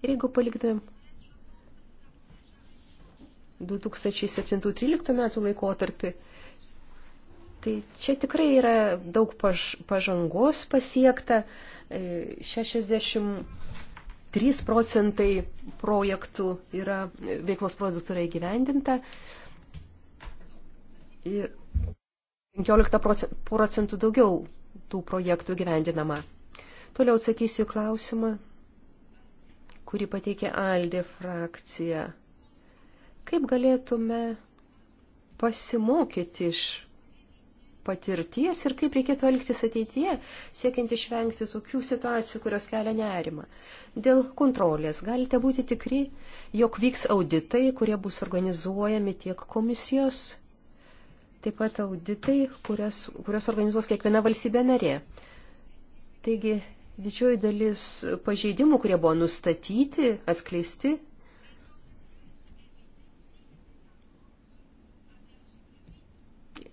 Ir jeigu paliktumėm 2007-2013 metų laikotarpį, tai čia tikrai yra daug paž pažangos pasiekta. 63 e, procentai projektų yra veiklos produktų yra įgyvendinta. Ir 15 procentų daugiau tų projektų gyvendinama. Toliau atsakysiu klausimą, kurį pateikė Aldė frakcija. Kaip galėtume pasimokyti iš patirties ir kaip reikėtų elgtis ateityje, siekiant išvengti tokių situacijų, kurios kelia nerimą. Dėl kontrolės galite būti tikri, jog vyks auditai, kurie bus organizuojami tiek komisijos, taip pat auditai, kurias, kurios organizuos kiekviena valstybė narė. Taigi Didžioji dalis pažeidimų, kurie buvo nustatyti, atskleisti,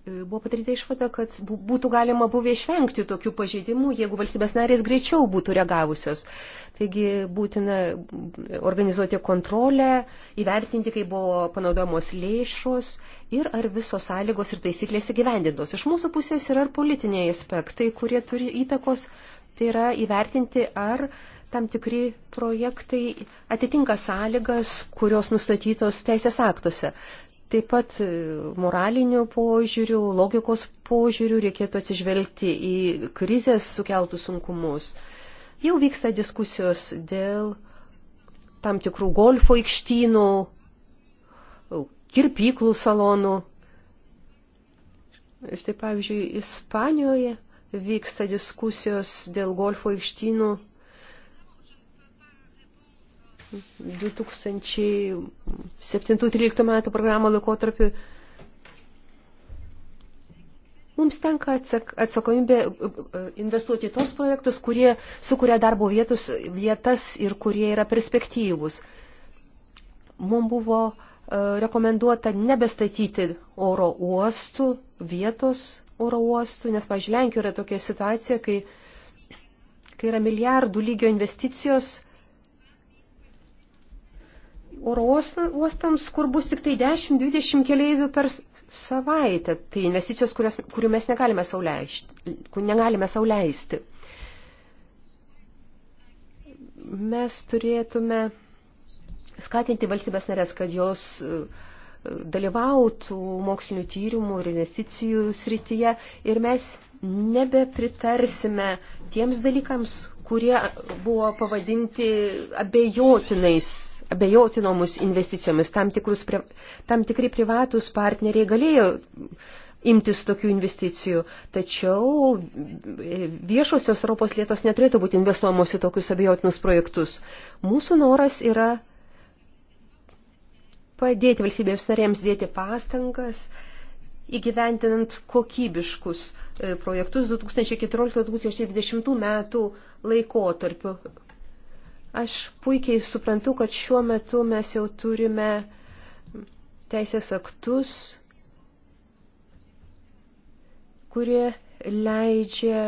buvo padaryta išvada, kad būtų galima buvę išvengti tokių pažeidimų, jeigu valstybės narės greičiau būtų reagavusios. Taigi būtina organizuoti kontrolę, įvertinti, kaip buvo panaudojamos lėšos ir ar visos sąlygos ir taisyklės įgyvendintos. Iš mūsų pusės yra ir politiniai aspektai, kurie turi įtakos Tai yra įvertinti, ar tam tikri projektai atitinka sąlygas, kurios nustatytos teisės aktuose. Taip pat e, moralinių požiūrių, logikos požiūrių reikėtų atsižvelgti į krizės sukeltų sunkumus. Jau vyksta diskusijos dėl tam tikrų golfo aikštynų, kirpyklų salonų. Štai pavyzdžiui, Ispanijoje vyksta diskusijos dėl golfo aikštynų. 2007-2013 metų programą laikotarpiu mums tenka atsakomybė e, e, investuoti į tos projektus, kurie sukuria darbo vietus, vietas ir kurie yra perspektyvūs. Mums buvo e, rekomenduota nebestatyti oro uostų vietos oro uostų, nes, pažiūrėjau, Lenkijoje yra tokia situacija, kai, kai yra milijardų lygio investicijos oro uostams, kur bus tik tai 10-20 keleivių per savaitę. Tai investicijos, kurios, kurių mes negalime sauliaisti, negalime sauliaisti. Mes turėtume skatinti valstybės narės, kad jos uh, dalyvautų mokslinių tyrimų ir investicijų srityje ir mes nebepritarsime tiems dalykams, kurie buvo pavadinti abejotinais, abejotinomus investicijomis. Tam, tikrus, tam tikri privatus partneriai galėjo imtis tokių investicijų, tačiau viešosios Europos lėtos neturėtų būti investuojamos į tokius abejotinus projektus. Mūsų noras yra padėti valstybėms narėms dėti pastangas įgyventinant kokybiškus e, projektus 2014-2020 metų laikotarpiu. Aš puikiai suprantu, kad šiuo metu mes jau turime teisės aktus, kurie leidžia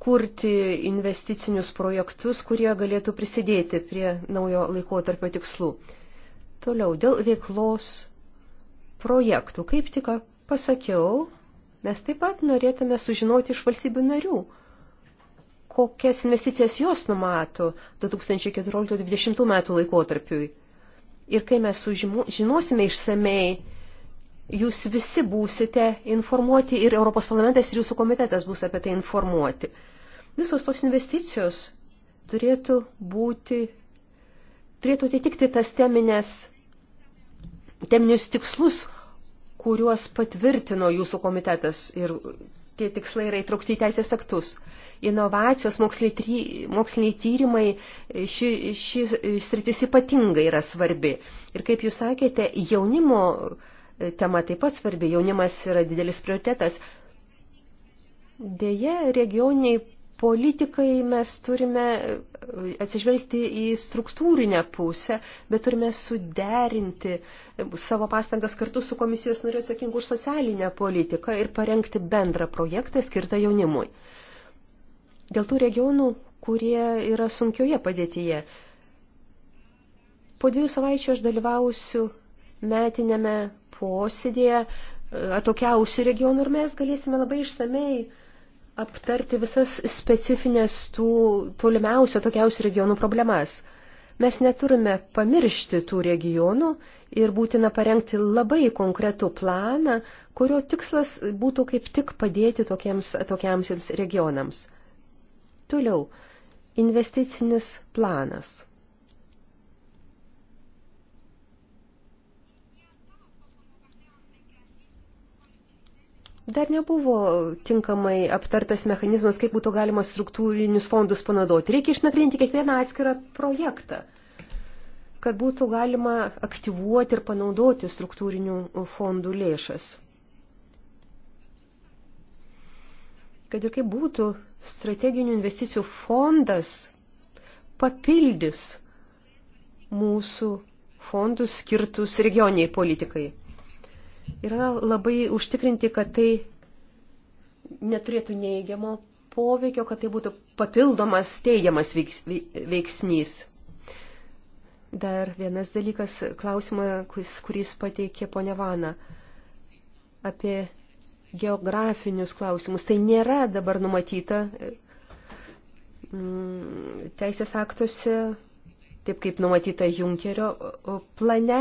kurti investicinius projektus, kurie galėtų prisidėti prie naujo laikotarpio tikslų. Toliau, dėl veiklos projektų. Kaip tik pasakiau, mes taip pat norėtume sužinoti iš valstybių narių, kokias investicijas jos numato 2014-2020 metų laikotarpiui. Ir kai mes sužinosime išsamei jūs visi būsite informuoti ir Europos parlamentas ir jūsų komitetas bus apie tai informuoti. Visos tos investicijos turėtų būti, turėtų atitikti tas teminės, teminius tikslus, kuriuos patvirtino jūsų komitetas ir tie tikslai yra įtraukti į teisės aktus. Inovacijos, moksliniai tyrimai, ši, ši sritis ypatingai yra svarbi. Ir kaip jūs sakėte, jaunimo uh, tema taip pat svarbi, jaunimas yra didelis prioritetas. Deja, regioniniai politikai mes turime e, atsižvelgti į struktūrinę pusę, bet turime suderinti e, savo pastangas kartu su komisijos nariu atsakingu už socialinę politiką ir parengti bendrą projektą skirtą jaunimui. Dėl tų regionų, kurie yra sunkioje padėtyje. Po dviejų savaičių aš dalyvausiu metinėme posėdėje e, atokiausių regionų ir mes galėsime labai išsamei aptarti visas specifines tų tolimiausio tokiausių regionų problemas. Mes neturime pamiršti tų regionų ir būtina parengti labai konkretų planą, kurio tikslas būtų kaip tik padėti tokiems tokiamsiams regionams. Toliau, investicinis planas. Dar nebuvo tinkamai aptartas mechanizmas, kaip būtų galima struktūrinius fondus panaudoti. Reikia išnagrinti kiekvieną atskirą projektą, kad būtų galima aktyvuoti ir panaudoti struktūrinių fondų lėšas. Kad ir kaip būtų, strateginių investicijų fondas papildys mūsų fondus skirtus regioniai politikai yra labai užtikrinti, kad tai neturėtų neįgiamo poveikio, kad tai būtų papildomas teigiamas veiksnys. Dar vienas dalykas, klausimą, kuris, kuris pateikė ponia Vana apie geografinius klausimus. Tai nėra dabar numatyta mm, teisės aktuose taip kaip numatyta Junkerio plane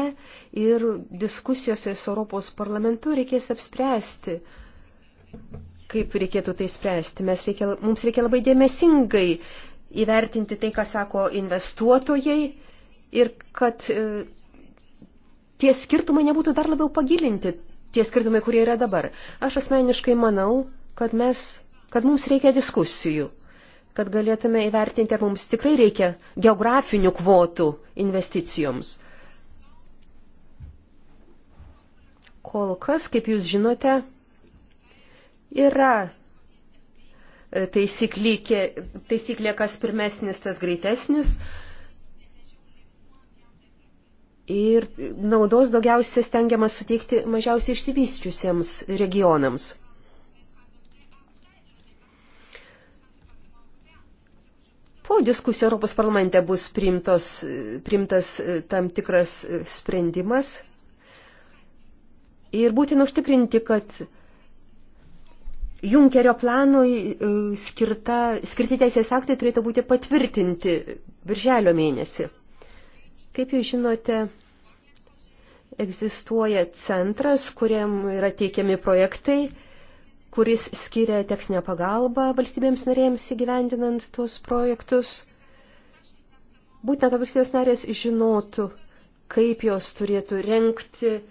ir diskusijose su Europos parlamentu reikės apspręsti, kaip reikėtų tai spręsti. Mes reikia, mums reikia labai dėmesingai įvertinti tai, ką sako investuotojai ir kad e, tie skirtumai nebūtų dar labiau pagilinti, tie skirtumai, kurie yra dabar. Aš asmeniškai manau, kad, mes, kad mums reikia diskusijų kad galėtume įvertinti, ar mums tikrai reikia geografinių kvotų investicijoms. Kol kas, kaip jūs žinote, yra e, taisyklė, taisyklė kas pirmesnis, tas greitesnis. Ir naudos daugiausia stengiamas suteikti mažiausiai išsivysčiusiems regionams. Po diskusijų Europos parlamente bus priimtos, priimtas e, tam tikras e, sprendimas ir būtina užtikrinti, kad Junkerio planui e, skirta, skirti teisės aktai turėtų būti patvirtinti birželio mėnesį. Kaip jūs žinote, egzistuoja centras, kuriam yra teikiami projektai kuris skiria techninę pagalbą valstybėms narėms įgyvendinant tuos projektus. Būtent, kad valstybės narės žinotų, kaip jos turėtų renkti e,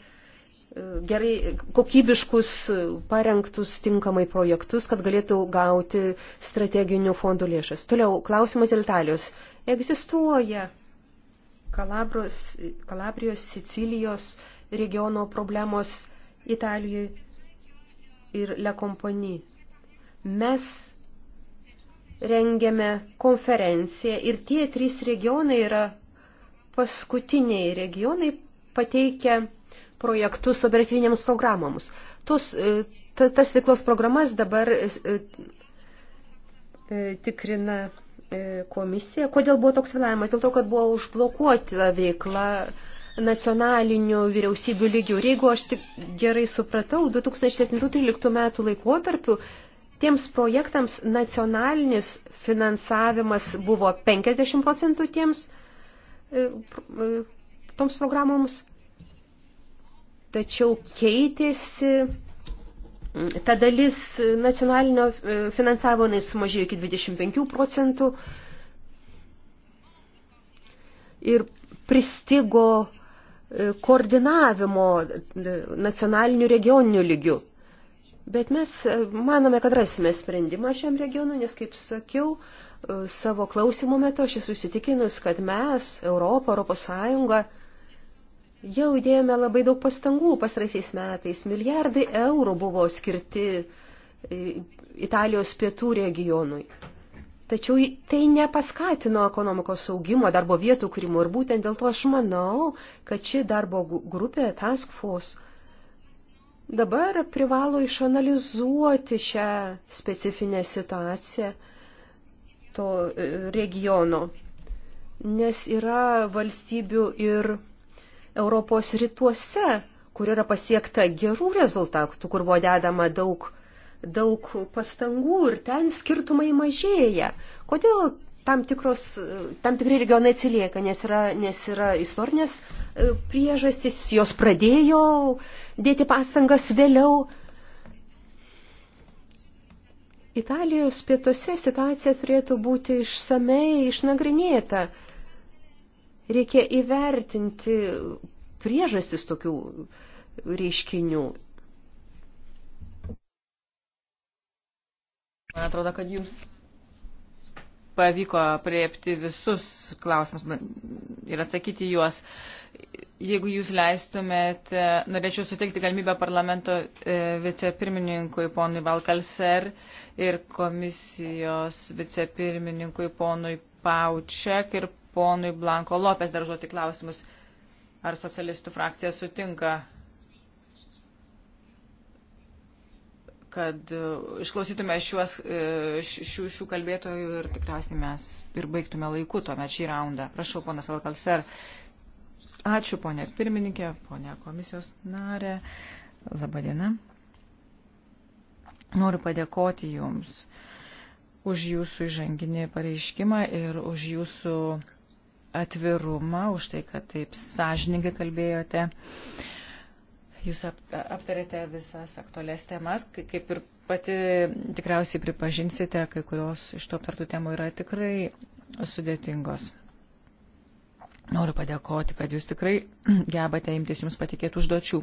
gerai kokybiškus, e, parengtus tinkamai projektus, kad galėtų gauti strateginių fondų lėšas. Toliau, klausimas dėl Italijos. Egzistuoja Kalabros, Kalabrijos, Sicilijos regiono problemos Italijoje ir Le Compagnie. Mes rengiame konferenciją ir tie trys regionai yra paskutiniai regionai pateikę projektus operatyvinėms programoms. Tos, e, ta, tas veiklos programas dabar e, e, tikrina komisija. Kodėl buvo toks vėlavimas? Dėl to, kad buvo užblokuota veikla nacionalinių vyriausybių lygių. Ir jeigu aš tik gerai supratau, 2007-2013 metų laikotarpiu tiems projektams nacionalinis finansavimas buvo 50 procentų tiems e, e, toms programoms, tačiau keitėsi ta dalis nacionalinio e, finansavimo, jis sumažėjo iki 25 procentų ir pristigo uh, E, koordinavimo nacionaliniu regioniniu lygiu. Bet mes e, manome, kad rasime sprendimą šiam regionui, nes, kaip sakiau, e, savo klausimų metu aš esu įsitikinus, kad mes, Europą, Europos Sąjungą, jau įdėjome labai daug pastangų pastraisiais metais. Milijardai eurų buvo skirti Italijos pietų regionui. Tačiau tai nepaskatino ekonomikos saugimo darbo vietų kūrimo ir būtent dėl to aš manau, kad ši darbo grupė Task Force dabar privalo išanalizuoti šią specifinę situaciją to e, regiono, nes yra valstybių ir Europos rytuose, kur yra pasiekta gerų rezultatų, kur buvo dedama daug daug pastangų ir ten skirtumai mažėja. Kodėl tam, tikros, tam tikri regionai atsilieka, nes yra, nes yra istorinės e, priežastys, jos pradėjo dėti pastangas vėliau. Italijos pietuose situacija turėtų būti išsamei išnagrinėta. Reikia įvertinti priežastis tokių reiškinių Man atrodo, kad jums pavyko priepti visus klausimus ir atsakyti juos. Jeigu jūs leistumėt, norėčiau suteikti galimybę parlamento e, vicepirmininkui ponui Valkalser ir komisijos vicepirmininkui ponui Pauček ir ponui Blanko Lopes dar užduoti klausimus. Ar socialistų frakcija sutinka kad e, išklausytume šiuos, e, šių, šių kalbėtojų ir tikriausiai mes ir baigtume laiku tuomet šį raundą. Prašau, ponas Valkalser. Ačiū, ponė pirmininkė, ponė komisijos narė. Labadiena. Noriu padėkoti Jums už Jūsų įžanginį pareiškimą ir už Jūsų atvirumą, už tai, kad taip sąžininkai kalbėjote. Uh, Jūs aptarėte visas aktualias temas, kaip ir pati tikriausiai pripažinsite, kai kurios iš to aptartų temų yra tikrai sudėtingos. Noriu padėkoti, kad jūs tikrai gebate imtis jums patikėtų užduočių.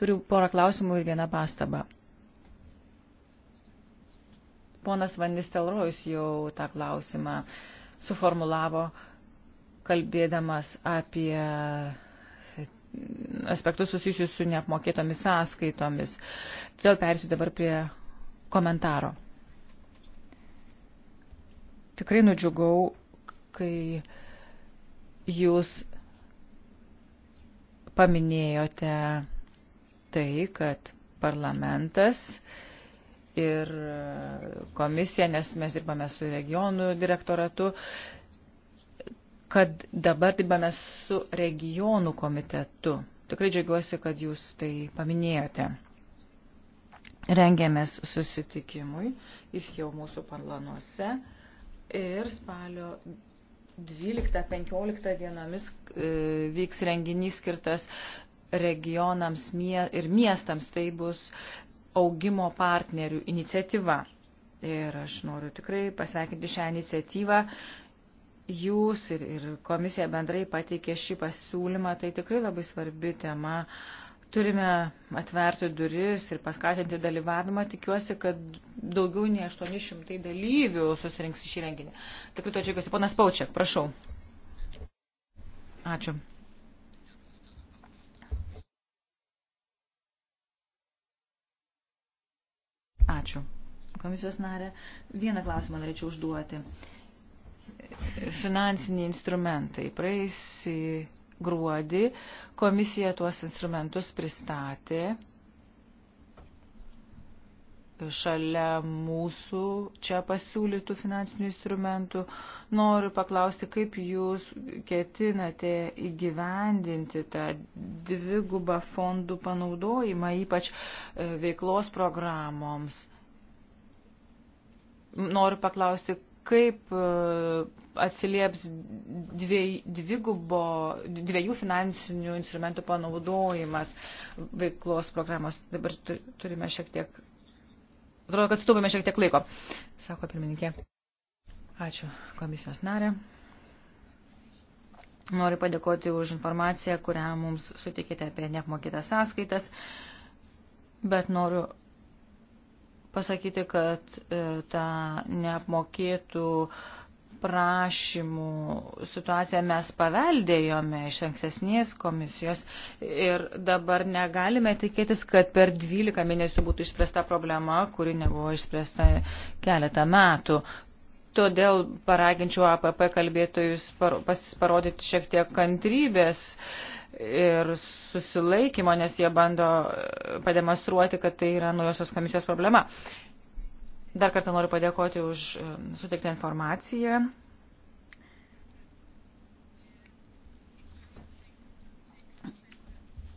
Turiu porą klausimų ir vieną pastabą. Ponas Vandis Telrojus jau tą klausimą suformulavo, kalbėdamas apie aspektus susijusius su neapmokėtomis sąskaitomis. Todėl persiu dabar prie komentaro. Tikrai nudžiugau, kai jūs paminėjote tai, kad parlamentas ir komisija, nes mes dirbame su regionų direktoratu, kad dabar dirbame su regionų komitetu. Tikrai džiaugiuosi, kad jūs tai paminėjote. Rengėmės susitikimui, jis jau mūsų parlanuose ir spalio 12-15 dienomis e, vyks renginys skirtas regionams ir miestams. Tai bus augimo partnerių iniciatyva. Ir aš noriu tikrai pasveikinti šią iniciatyvą jūs ir, ir komisija bendrai pateikė šį pasiūlymą, tai tikrai labai svarbi tema. Turime atverti duris ir paskatinti dalyvavimą. Tikiuosi, kad daugiau nei 800 dalyvių susirinks šį renginį. Tikrai to džiaugiuosi. Ponas Paučiak, prašau. Ačiū. Ačiū. Komisijos narė, vieną klausimą norėčiau užduoti. Uh, finansiniai instrumentai. Praėjusį gruodį komisija tuos instrumentus pristatė šalia mūsų čia pasiūlytų finansinių instrumentų. Noriu paklausti, kaip jūs ketinate įgyvendinti tą dvigubą fondų panaudojimą, ypač e, veiklos programoms. Noriu paklausti, kaip e, atsilieps dvigubo, dviejų finansinių instrumentų panaudojimas veiklos programos. Dabar turime šiek tiek, atrodo, kad stūbime šiek tiek laiko, sako pirmininkė. Ačiū komisijos narė. Noriu padėkoti už informaciją, kurią mums sutikėte apie neapmokytas sąskaitas, bet noriu pasakyti, kad e, tą neapmokėtų prašymų situaciją mes paveldėjome iš ankstesnės komisijos ir dabar negalime tikėtis, kad per 12 mėnesių būtų išspręsta problema, kuri nebuvo išspręsta keletą metų. Todėl paraginčiau APP kalbėtojus parodyti šiek tiek kantrybės. E, ir susilaikymo, nes jie bando pademonstruoti, kad tai yra naujosios komisijos problema. Dar kartą noriu padėkoti už um, suteiktą informaciją.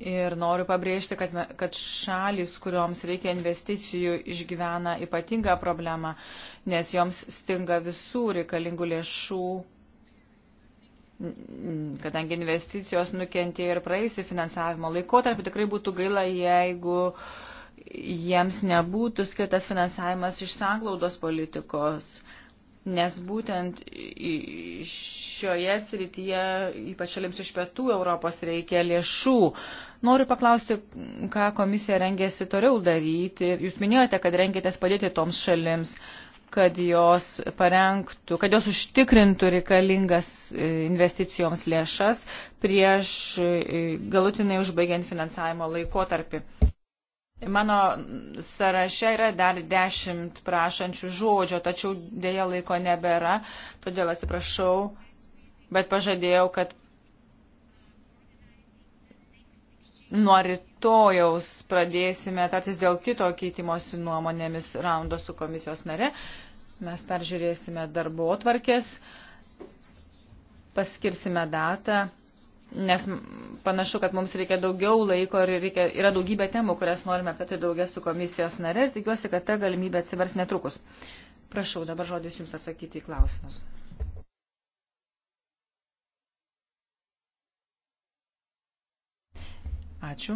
Ir noriu pabrėžti, kad, kad šalis, kurioms reikia investicijų, išgyvena ypatingą problemą, nes joms stinga visų reikalingų lėšų kadangi investicijos nukentėjo ir praeisį finansavimo laikotarpį, tikrai būtų gaila, jeigu jiems nebūtų skirtas finansavimas iš sanglaudos politikos, nes būtent šioje srityje, ypač šalims iš pietų Europos, reikia lėšų. Noriu paklausti, ką komisija rengėsi toliau daryti. Jūs minėjote, kad rengėtės padėti toms šalims. Uh, kad jos parengtų, kad jos užtikrintų reikalingas e, investicijoms lėšas prieš e, galutinai užbaigiant finansavimo laikotarpį. Mano sąraše yra dar dešimt prašančių žodžio, tačiau dėja laiko nebėra, todėl atsiprašau, bet pažadėjau, kad nuo rytojaus pradėsime tartis dėl kito keitimosi nuomonėmis raundo su komisijos nare. Mes peržiūrėsime darbo atvarkės, paskirsime datą, nes panašu, kad mums reikia daugiau laiko ir reikia, yra daugybė temų, kurias norime aptarti daugia su komisijos nare ir tikiuosi, kad ta galimybė atsivers netrukus. Prašau, dabar žodis Jums atsakyti į klausimus. Ačiū.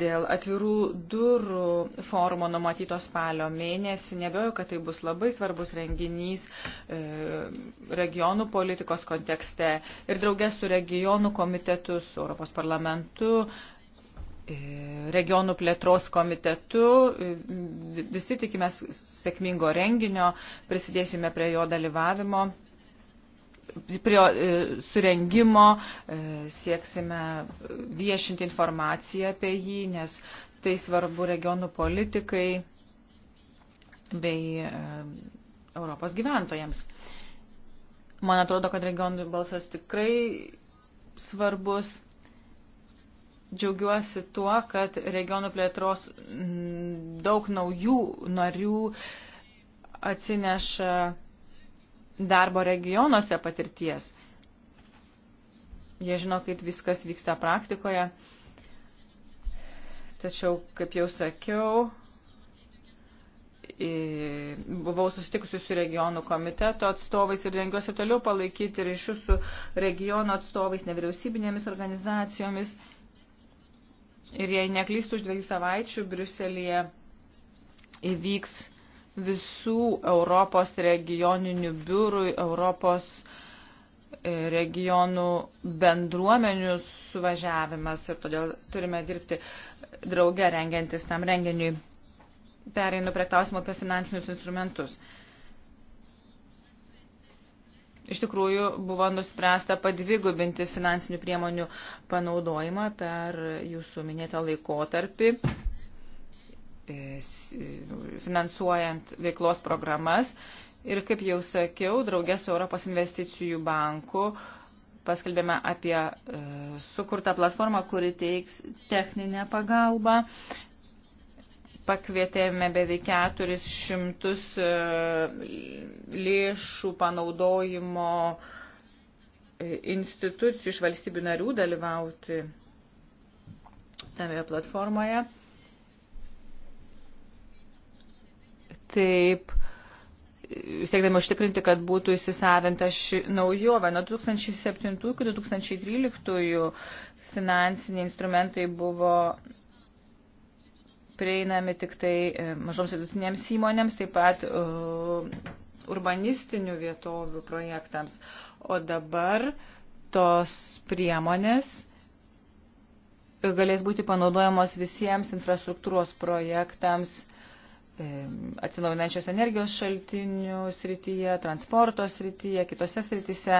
Dėl atvirų durų forumo numatyto spalio mėnesį nebejoju, kad tai bus labai svarbus renginys e, regionų politikos kontekste ir draugės su regionų komitetu, su Europos parlamentu, e, regionų plėtros komitetu. E, visi tikime sėkmingo renginio, prisidėsime prie jo dalyvavimo prie e, surengimo, e, sieksime viešinti informaciją apie jį, nes tai svarbu regionų politikai bei e, Europos gyventojams. Man atrodo, kad regionų balsas tikrai svarbus. Džiaugiuosi tuo, kad regionų plėtros daug naujų narių atsineša darbo regionuose patirties. Jie žino, kaip viskas vyksta praktikoje. Tačiau, kaip jau sakiau, buvau susitikusi su regionų komiteto atstovais ir rengiuosi toliau palaikyti ryšius su regiono atstovais, nevyriausybinėmis organizacijomis. Ir jei neklystų už dviejų savaičių, Briuselėje įvyks visų Europos regioninių biurų, Europos e, regionų bendruomenių suvažiavimas ir todėl turime dirbti drauge rengiantis tam renginiui. Pereinu prie klausimo apie finansinius instrumentus. Iš tikrųjų, buvo nuspręsta padvigubinti finansinių priemonių panaudojimą per jūsų minėtą laikotarpį E, e, finansuojant veiklos programas. Ir kaip jau sakiau, draugės su Europos investicijų banku paskelbėme apie e, sukurtą platformą, kuri teiks techninę pagalbą. Pakvietėme beveik 400 lėšų panaudojimo institucijų iš valstybių narių dalyvauti tame platformoje. taip siekdami užtikrinti, kad būtų įsisavinta ši naujovė. Nuo 2007 iki 2013 finansiniai instrumentai buvo prieinami tik tai e, mažoms vidutinėms įmonėms, taip pat uh, urbanistinių vietovių projektams. O dabar tos priemonės galės būti panaudojamos visiems infrastruktūros projektams uh, E, atsinaujinančios energijos šaltinių srityje, transporto srityje, kitose srityse.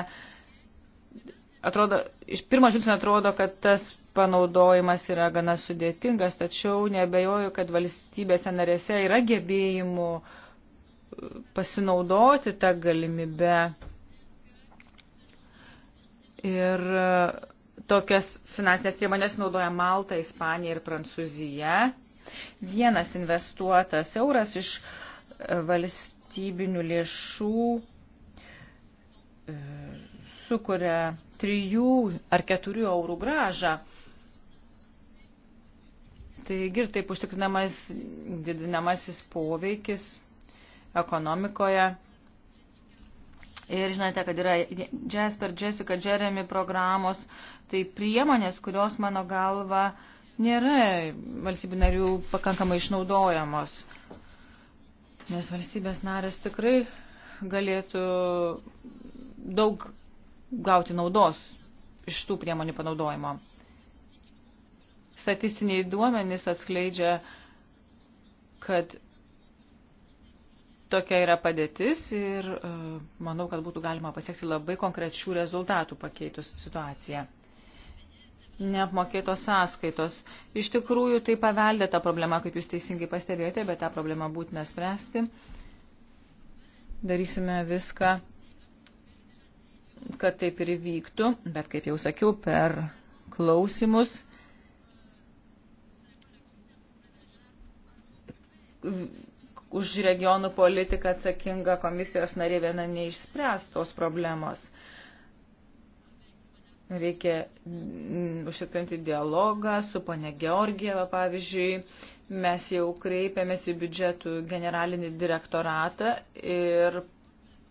Atrodo, iš pirmo žvilgsnio atrodo, kad tas panaudojimas yra gana sudėtingas, tačiau nebejoju, kad valstybėse narėse yra gebėjimų pasinaudoti tą galimybę ir e, tokias finansinės priemonės naudoja Malta, Ispanija ir Prancūzija Vienas investuotas euras iš e, valstybinių lėšų e, sukuria trijų ar keturių eurų gražą. Taigi ir taip užtikrinamas didinamasis poveikis ekonomikoje. Ir žinote, kad yra Jasper, Jessica, Jeremy programos, tai priemonės, kurios mano galva uh, nėra valstybių narių pakankamai išnaudojamos, nes valstybės narės tikrai galėtų daug gauti naudos iš tų priemonių panaudojimo. Statistiniai duomenys atskleidžia, kad tokia yra padėtis ir e, manau, kad būtų galima pasiekti labai konkrečių rezultatų pakeitus situaciją neapmokėtos sąskaitos. Iš tikrųjų, tai paveldė tą problemą, kaip jūs teisingai pastebėjote, bet tą problemą būtina spręsti. Darysime viską, kad taip ir vyktų, bet kaip jau sakiau, per klausimus už regionų politiką atsakinga komisijos narė viena neišspręstos problemos. Reikia mm, užtikrinti dialogą su pane Georgieva, pavyzdžiui. Mes jau kreipėmės į biudžetų generalinį direktoratą ir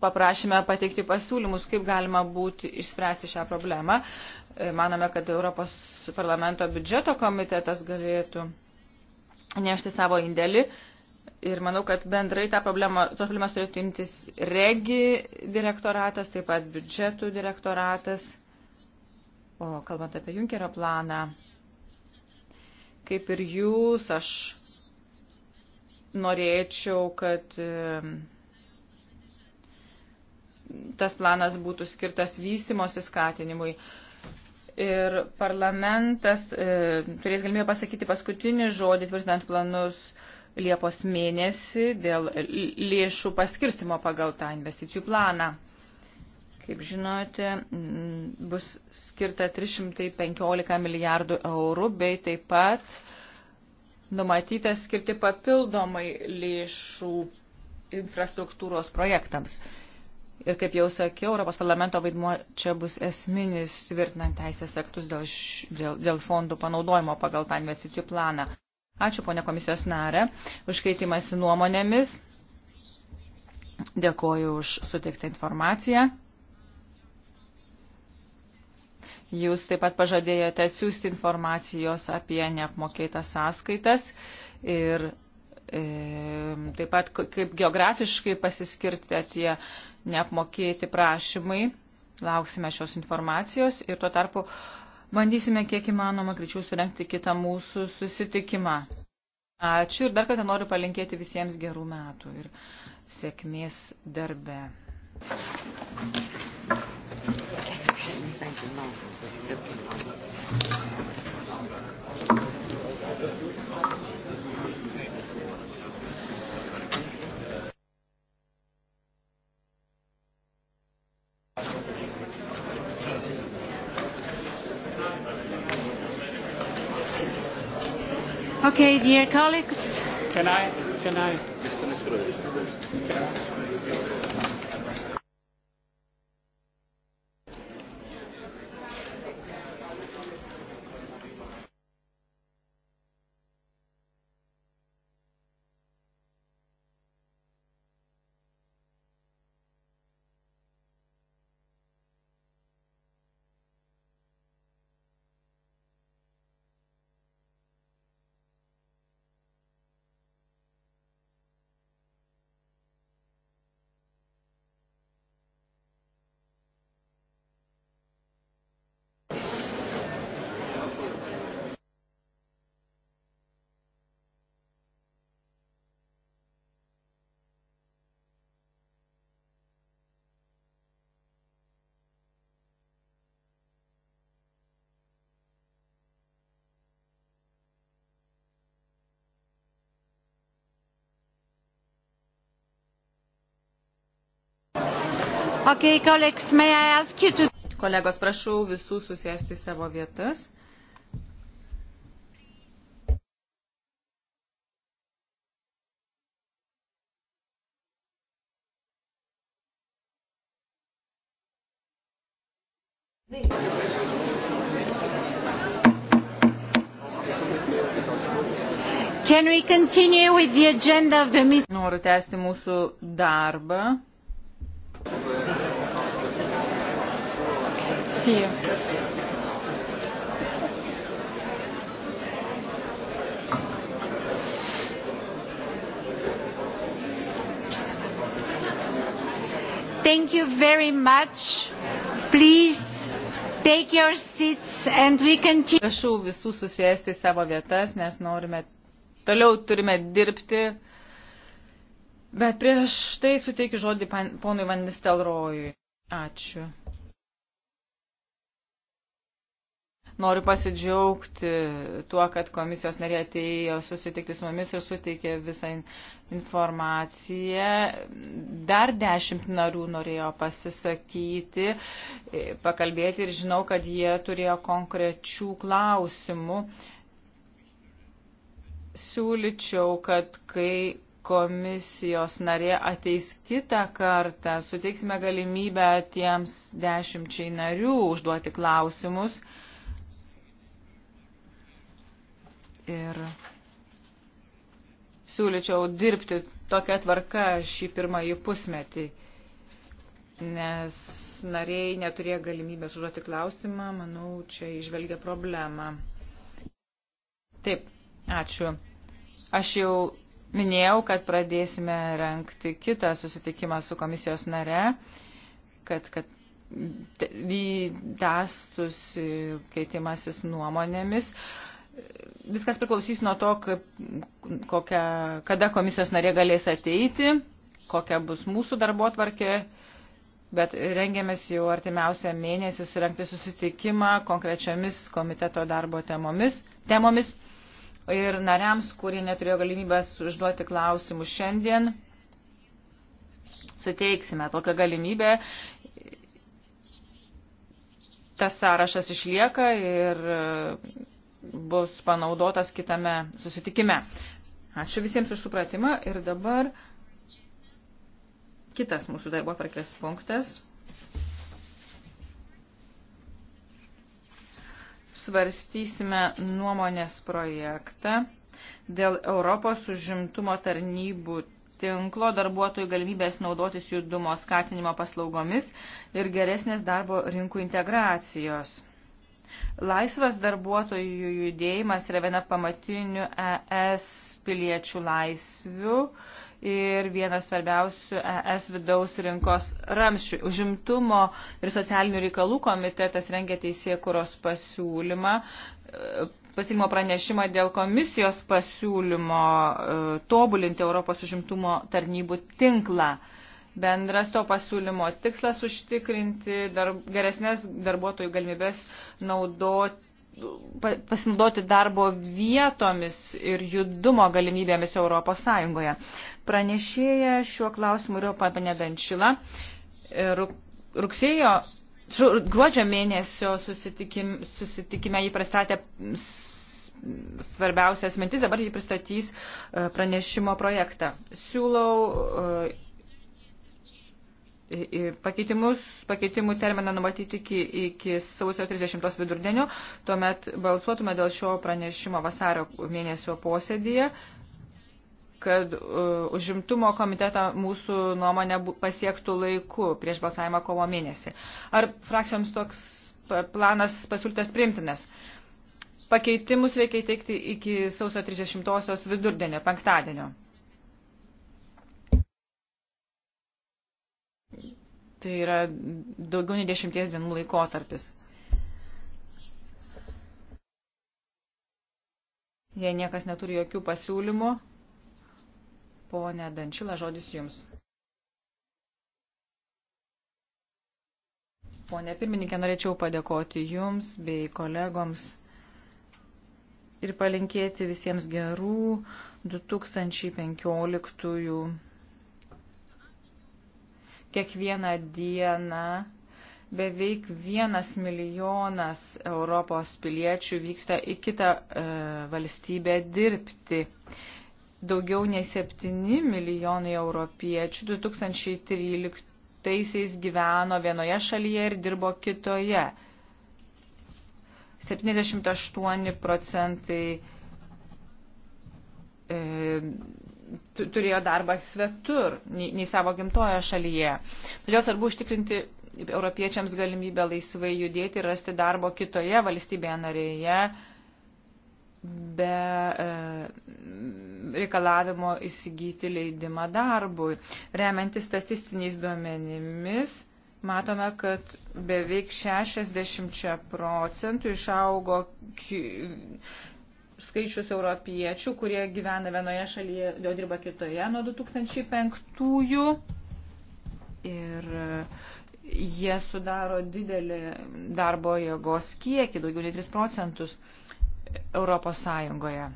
paprašėme pateikti pasiūlymus, kaip galima būti išspręsti šią problemą. E, manome, kad Europos parlamento biudžeto komitetas galėtų nešti savo indėlį. Ir manau, kad bendrai tą problemą, tos problemas turėtų imtis regi direktoratas, taip pat biudžetų direktoratas. O kalbant apie Junkerio planą, kaip ir jūs, aš norėčiau, kad tas planas būtų skirtas vystimosi skatinimui. Ir parlamentas e, turės galimybę pasakyti paskutinį žodį, tvirtinant planus Liepos mėnesį dėl lėšų paskirstimo pagal tą investicijų planą. Kaip žinote, mm, bus skirta 315 milijardų eurų, bei taip pat numatyta skirti papildomai lėšų infrastruktūros projektams. Ir kaip jau sakiau, Europos parlamento vaidmuo čia bus esminis tvirtinant teisės aktus dėl, š, dėl, dėl fondų panaudojimo pagal tą investicijų planą. Ačiū, ponė komisijos narė, už keitimąsi nuomonėmis. Dėkoju už suteiktą informaciją. Jūs taip pat pažadėjote atsiųsti informacijos apie neapmokėtas sąskaitas ir e, taip pat kaip geografiškai pasiskirti tie neapmokėti prašymai. Lauksime šios informacijos ir tuo tarpu bandysime kiek įmanoma greičiau surenkti kitą mūsų susitikimą. Ačiū ir dar kartą noriu palinkėti visiems gerų metų ir sėkmės darbe. Thank you. Okay, dear colleagues. Can I, can I, Mr. Nestrovic, can I? Okay, colleagues, may I ask you to... Kolegos, prašau visų susėsti savo vietas. Can we continue with the agenda of the meeting? Noriu tęsti mūsų darbą. See you. Thank you very much. Please take your seats and we continue. Prašau visų susėsti į savo vietas, nes norime toliau turime dirbti. Bet prieš tai suteikiu žodį ponui Vandistelrojui. Ačiū. Noriu pasidžiaugti tuo, kad komisijos narė atėjo susitikti su mumis ir suteikė visą informaciją. Dar dešimt narių norėjo pasisakyti, e, pakalbėti ir žinau, kad jie turėjo konkrečių klausimų. Siūlyčiau, kad kai komisijos narė ateis kitą kartą, suteiksime galimybę tiems dešimčiai narių užduoti klausimus. Uh, Ir siūlyčiau dirbti tokia tvarka šį pirmąjį pusmetį, nes nariai neturėjo galimybės užduoti klausimą, manau, čia išvelgia problemą. Taip, ačiū. Aš jau minėjau, kad pradėsime renkti kitą susitikimą su komisijos nare, kad, kad vydastus keitimasis nuomonėmis. Uh, viskas priklausys nuo to, kaip, kokia, kada komisijos narė galės ateiti, kokia bus mūsų darbo tvarkė, bet rengiamės jau artimiausią mėnesį surenkti susitikimą konkrečiomis komiteto darbo temomis. temomis. Ir nariams, kurie neturėjo galimybės užduoti klausimų šiandien, suteiksime tokią galimybę. Tas sąrašas išlieka ir bus panaudotas kitame susitikime. Ačiū visiems už supratimą ir dabar kitas mūsų darbo tvarkės punktas. Svarstysime nuomonės projektą dėl Europos užimtumo tarnybų tinklo darbuotojų galimybės naudotis judumo skatinimo paslaugomis ir geresnės darbo rinkų integracijos. Laisvas darbuotojų judėjimas yra viena pamatinių ES piliečių laisvių ir vienas svarbiausių ES vidaus rinkos ramščių. Užimtumo ir socialinių reikalų komitetas rengia teisėkuros pasiūlymą, e, pasiūlymo pranešimą dėl komisijos pasiūlymo e, tobulinti Europos užimtumo tarnybų tinklą. Bendras to pasiūlymo tikslas užtikrinti dar, geresnės darbuotojų galimybės naudoti pasinaudoti darbo vietomis ir judumo galimybėmis Europos Sąjungoje. Pranešėja šiuo klausimu yra Papanė Dančila. Rugsėjo, gruodžio mėnesio susitikim, susitikime jį pristatė svarbiausias mintis, dabar jį pristatys e, pranešimo projektą. Siūlau e, Pakeitimus, pakeitimų terminą numatyti iki, iki sausio 30 vidurdienio, tuomet balsuotume dėl šio pranešimo vasario mėnesio posėdėje, kad uh, užimtumo komitetą mūsų nuomonė pasiektų laiku prieš balsavimą kovo mėnesį. Ar frakcijoms toks planas pasiūlytas priimtinas? Pakeitimus reikia įteikti iki sausio 30 vidurdienio, penktadienio. Tai yra daugiau nei dešimties dienų laikotarpis. Jei niekas neturi jokių pasiūlymų, ponė Dančila, žodis jums. Pone pirmininkė, norėčiau padėkoti jums bei kolegoms ir palinkėti visiems gerų 2015 Kiekvieną dieną beveik vienas milijonas Europos piliečių vyksta į kitą e, valstybę dirbti. Daugiau nei 7 milijonai europiečių 2013 gyveno vienoje šalyje ir dirbo kitoje. 78 procentai e, turėjo darbą svetur, nei, nei savo gimtojo šalyje. Todėl svarbu užtikrinti europiečiams galimybę laisvai judėti ir rasti darbo kitoje valstybėje narėje be e, reikalavimo įsigyti leidimą darbui. Remiantis statistiniais duomenimis, matome, kad beveik 60 procentų išaugo skaičius europiečių, kurie gyvena vienoje šalyje, jau dirba kitoje nuo 2005-ųjų. Ir e, jie sudaro didelį darbo jėgos kiekį, daugiau nei 3 procentus Europos Sąjungoje.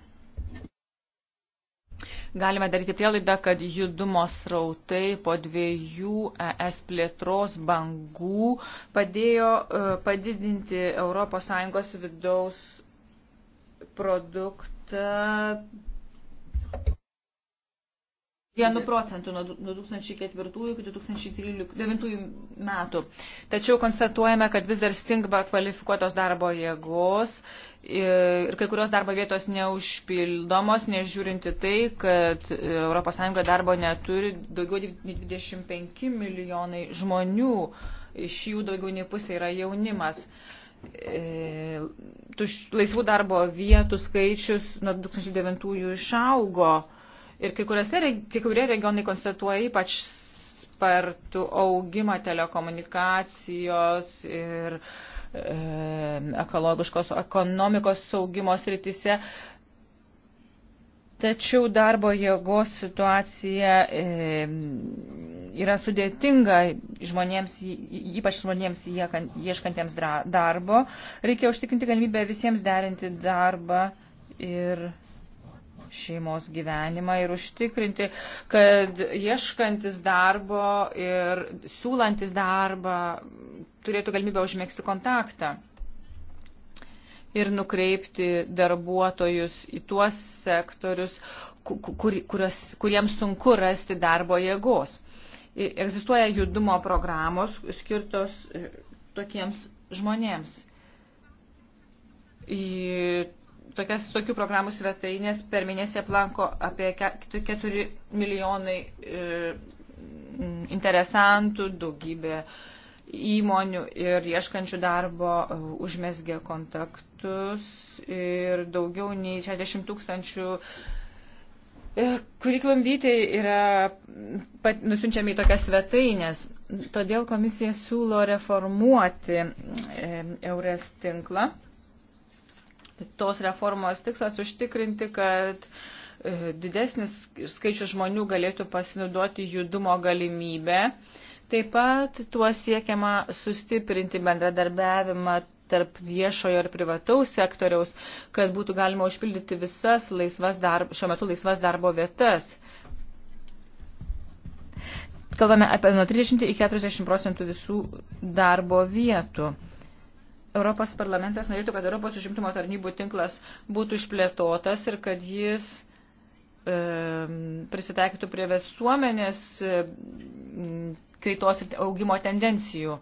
Galime daryti prielaidą, kad judumo srautai po dviejų ES plėtros bangų padėjo e, padidinti ES vidaus produktą vienu procentu nuo 2004 iki 2009 metų. Tačiau konstatuojame, kad vis dar stingba kvalifikuotos darbo jėgos ir kai kurios darbo vietos neužpildomos, nežiūrinti tai, kad ES darbo neturi daugiau 25 milijonai žmonių, iš jų daugiau nei pusė yra jaunimas. E, laisvų darbo vietų skaičius nuo 2009 išaugo ir kai, kuriuose, kai kurie regionai konstatuoja ypač spartų augimą telekomunikacijos ir e, ekologiškos ekonomikos saugimo sritise. E, Tačiau darbo jėgos situacija e, yra sudėtinga žmonėms, ypač žmonėms ieškantiems darbo. Reikia užtikrinti galimybę visiems derinti darbą ir šeimos gyvenimą ir užtikrinti, kad ieškantis darbo ir siūlantis darbą turėtų galimybę užmėgsti kontaktą ir nukreipti darbuotojus į tuos sektorius, kur, kurios, kuriems sunku rasti darbo jėgos. Egzistuoja judumo programos skirtos e, tokiems žmonėms. Į tokias, tokių programų svetainės per mėnesį aplanko apie 4 milijonai e, interesantų, daugybė įmonių ir ieškančių darbo e, užmesgė kontaktus ir daugiau nei 60 tūkstančių e, kuriklum vytai yra pat, nusinčiami į tokias svetainės. Todėl komisija siūlo reformuoti e, Eures tinklą. Tos reformos tikslas užtikrinti, kad didesnis skaičius žmonių galėtų pasinaudoti judumo galimybę Taip pat tuo siekiama sustiprinti bendradarbiavimą tarp viešojo ir privataus sektoriaus, kad būtų galima užpildyti visas laisvas darbo, šiuo metu laisvas darbo vietas. Kalbame apie nuo 30 iki 40 procentų visų darbo vietų. Europos parlamentas norėtų, kad Europos užimtumo tarnybų tinklas būtų išplėtotas ir kad jis e, prisitaikytų prie visuomenės e, kaitos ir augimo tendencijų.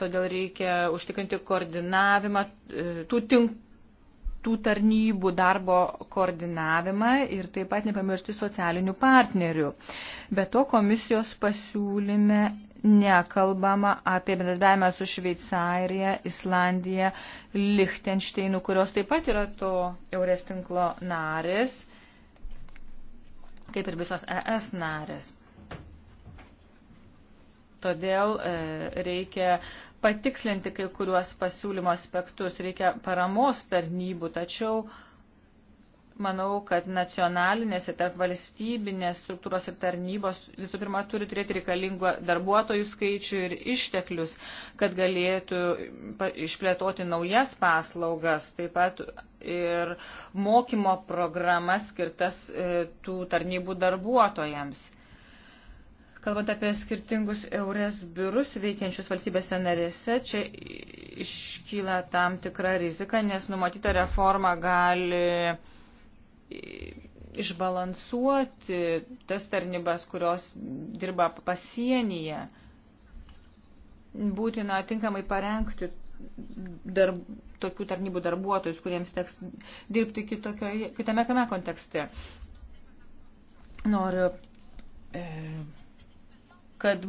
Todėl reikia užtikrinti koordinavimą e, tų, tink, tų tarnybų darbo koordinavimą ir taip pat nepamiršti socialinių partnerių. Be to komisijos pasiūlyme nekalbama apie bendradarbiavimą su Šveicarija, Islandija, Lichtensteinu, kurios taip pat yra to Eures tinklo narės, kaip ir visos ES narės. Todėl e, reikia patikslinti kai kuriuos pasiūlymo aspektus, reikia paramos tarnybų, tačiau manau, kad nacionalinės ir tarp valstybinės struktūros ir tarnybos visų pirma turi turėti reikalingą darbuotojų skaičių ir išteklius, kad galėtų išplėtoti naujas paslaugas, taip pat ir mokymo programas skirtas e, tų tarnybų darbuotojams. Kalbant apie skirtingus eures biurus veikiančius valstybėse narėse, čia iškyla tam tikra rizika, nes numatyta reforma gali išbalansuoti tas tarnybas, kurios dirba pasienyje. Būtina tinkamai parengti darb, tokių tarnybų darbuotojus, kuriems teks dirbti kitokioje, kitame kame kontekste. Noriu. E, kad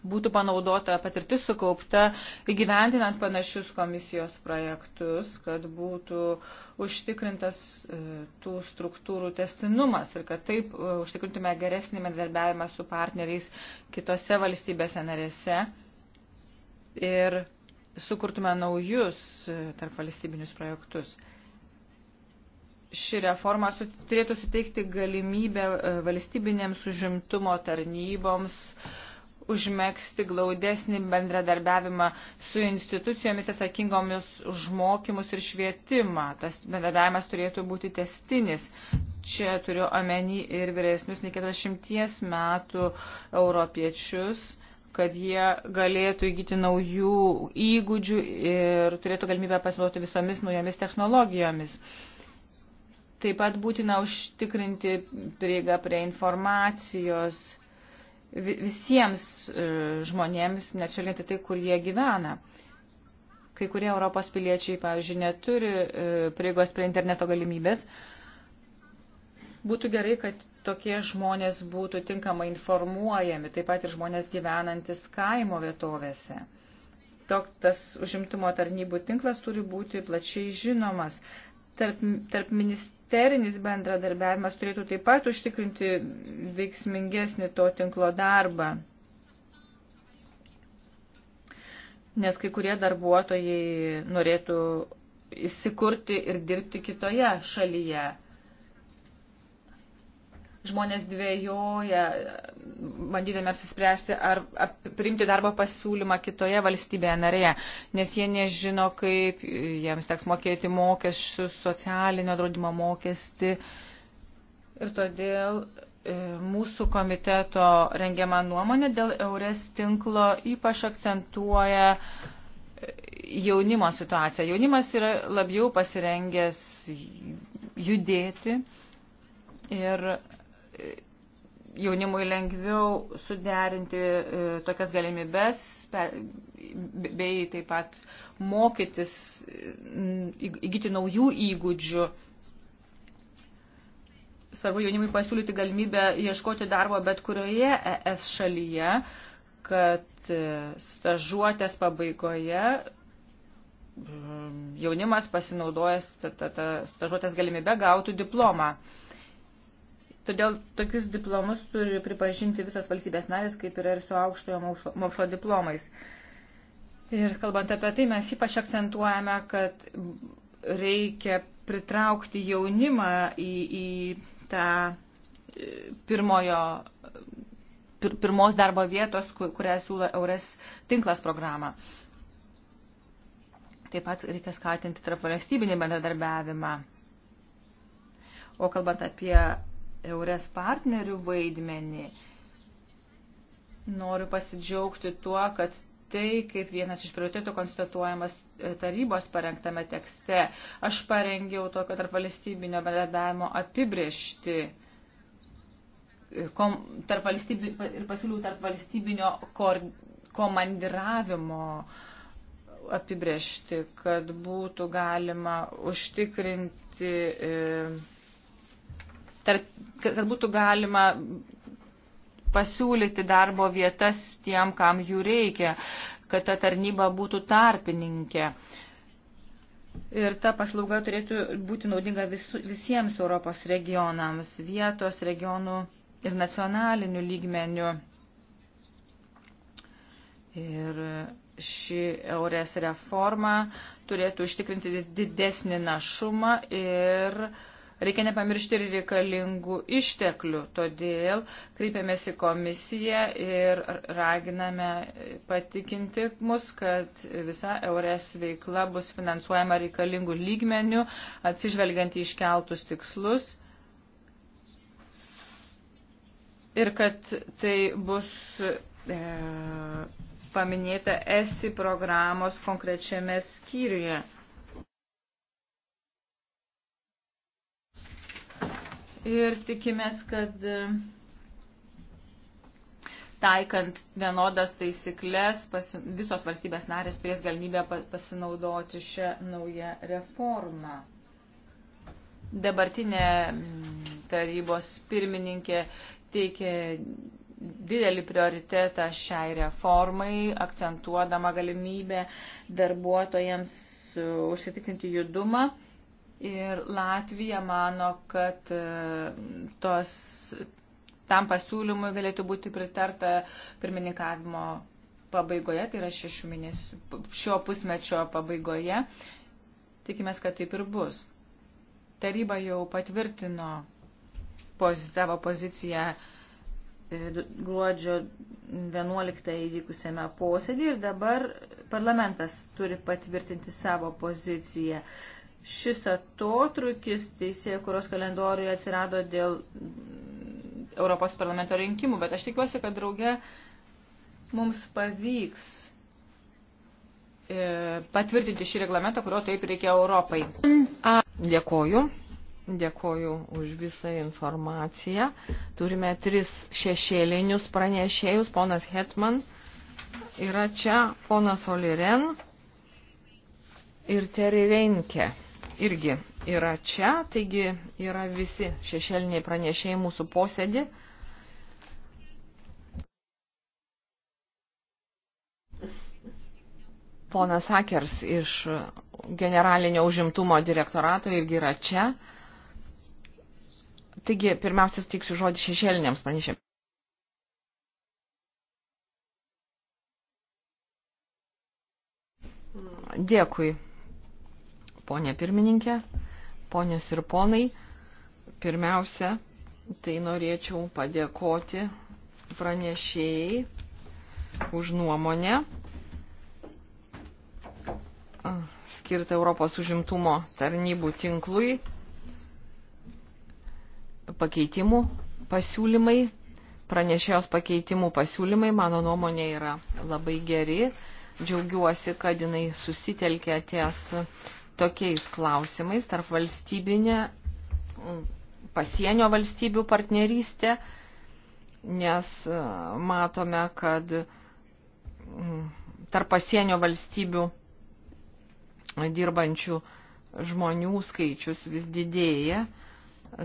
būtų panaudota patirtis sukaupta įgyvendinant panašius komisijos projektus, kad būtų užtikrintas e, tų struktūrų testinumas ir kad taip e, užtikrintume geresnį bendarbiavimą su partneriais kitose valstybėse narėse ir sukurtume naujus e, tarp valstybinius projektus ši reforma turėtų suteikti galimybę e, valstybinėms užimtumo tarnyboms užmėgsti glaudesnį bendradarbiavimą su institucijomis atsakingomis už mokymus ir švietimą. Tas bendradarbiavimas turėtų būti testinis. Čia turiu omeny ir vyresnius nei 40 metų europiečius kad jie galėtų įgyti naujų įgūdžių ir turėtų galimybę pasinaudoti visomis naujomis technologijomis. Uh, Taip pat būtina užtikrinti prieigą prie informacijos visiems e, žmonėms, neatšalinti tai, kur jie gyvena. Kai kurie Europos piliečiai, pavyzdžiui, neturi e, prieigos prie interneto galimybės. Būtų gerai, kad tokie žmonės būtų tinkamai informuojami, taip pat ir žmonės gyvenantis kaimo vietovėse tok tas užimtumo tarnybų tinklas turi būti plačiai žinomas. Tarp, tarp, minist, ministerinis bendradarbiavimas turėtų taip pat užtikrinti veiksmingesnį to tinklo darbą. Nes kai kurie darbuotojai norėtų įsikurti ir dirbti kitoje šalyje žmonės dvėjoja, bandydami apsispręsti, ar priimti darbo pasiūlymą kitoje valstybėje narėje, nes jie nežino, kaip jiems teks mokėti mokesčius, socialinio draudimo mokestį. Ir todėl e, mūsų komiteto rengiama nuomonė dėl Eures tinklo ypač akcentuoja e, jaunimo situaciją. Jaunimas yra labiau pasirengęs judėti ir jaunimui lengviau suderinti e, tokias galimybes bei taip pat mokytis, e, įgyti naujų įgūdžių. Svarbu jaunimui pasiūlyti galimybę ieškoti darbo bet kurioje ES šalyje, kad e, stažuotės pabaigoje jaunimas pasinaudojęs stažuotės galimybę gautų diplomą. Todėl tokius diplomus turi pripažinti visas valstybės narės, kaip yra ir su aukštojo mokslo, mokslo diplomais. Ir kalbant apie tai, mes ypač akcentuojame, kad reikia pritraukti jaunimą į, į tą e, pirmojo, pir, pirmos darbo vietos, kur, kurią siūlo Eures tinklas programą. Taip pat reikia skatinti tarp valstybinį bendradarbiavimą. O kalbant apie eures partnerių vaidmenį. Noriu pasidžiaugti tuo, kad tai kaip vienas iš prioritėtų konstatuojamas e, tarybos parengtame tekste. Aš parengiau tokio tarp valstybinio bendradarbiavimo apibriešti e, kom, tarp valstybi, ir pasiūliau tarp valstybinio kor, komandiravimo apibriešti, kad būtų galima užtikrinti e, tarp, kad būtų galima pasiūlyti darbo vietas tiem, kam jų reikia, kad ta tarnyba būtų tarpininkė. Ir ta paslauga turėtų būti naudinga visu, visiems Europos regionams, vietos, regionų ir nacionalinių lygmenių. Ir ši eurės reforma turėtų užtikrinti didesnį našumą ir uh, Reikia nepamiršti ir reikalingų išteklių, todėl kreipiamės į komisiją ir raginame patikinti mus, kad visa EURES veikla bus finansuojama reikalingų lygmenių, atsižvelgiant į iškeltus tikslus ir kad tai bus e, paminėta ESI programos konkrečiame skyriuje. ir tikimės, kad e, taikant vienodas taisyklės, pasi, visos valstybės narės turės galimybę pasinaudoti šią naują reformą. Dabartinė mm, tarybos pirmininkė teikė didelį prioritetą šiai reformai, akcentuodama galimybę darbuotojams e, užsitikrinti judumą Ir Latvija mano, kad e, tos, tam pasiūlymui galėtų būti pritarta pirmininkavimo pabaigoje, tai yra šešių mėnesių, šio pusmečio pabaigoje. Tikimės, kad taip ir bus. Taryba jau patvirtino poz, savo poziciją e, gruodžio 11 įvykusiame posėdį ir dabar parlamentas turi patvirtinti savo poziciją. E, Šis atotrukis teisėjų, kurios kalendoriuje atsirado dėl mm, Europos parlamento rinkimų, bet aš tikiuosi, kad drauge mums pavyks e, patvirtinti šį reglamentą, kurio taip reikia Europai. Dėkoju. Dėkoju už visą informaciją. Turime tris šešėlinius pranešėjus. Ponas Hetman yra čia, ponas Oliren ir Terry Reinke irgi yra čia, taigi yra visi šešėliniai pranešėjai mūsų posėdį. Ponas Akers iš generalinio užimtumo direktorato irgi yra čia. Taigi, pirmiausia, sutiksiu žodį šešėliniams pranešėjams. Dėkui ponė pirmininkė, ponės ir ponai. Pirmiausia, tai norėčiau padėkoti pranešėjai už nuomonę skirtą Europos užimtumo tarnybų tinklui pakeitimų pasiūlymai, pranešėjos pakeitimų pasiūlymai, mano nuomonė, yra labai geri. Džiaugiuosi, kad jinai susitelkė ties tokiais klausimais tarp valstybinė pasienio valstybių partnerystė, nes e, matome, kad tarp pasienio valstybių dirbančių žmonių skaičius vis didėja.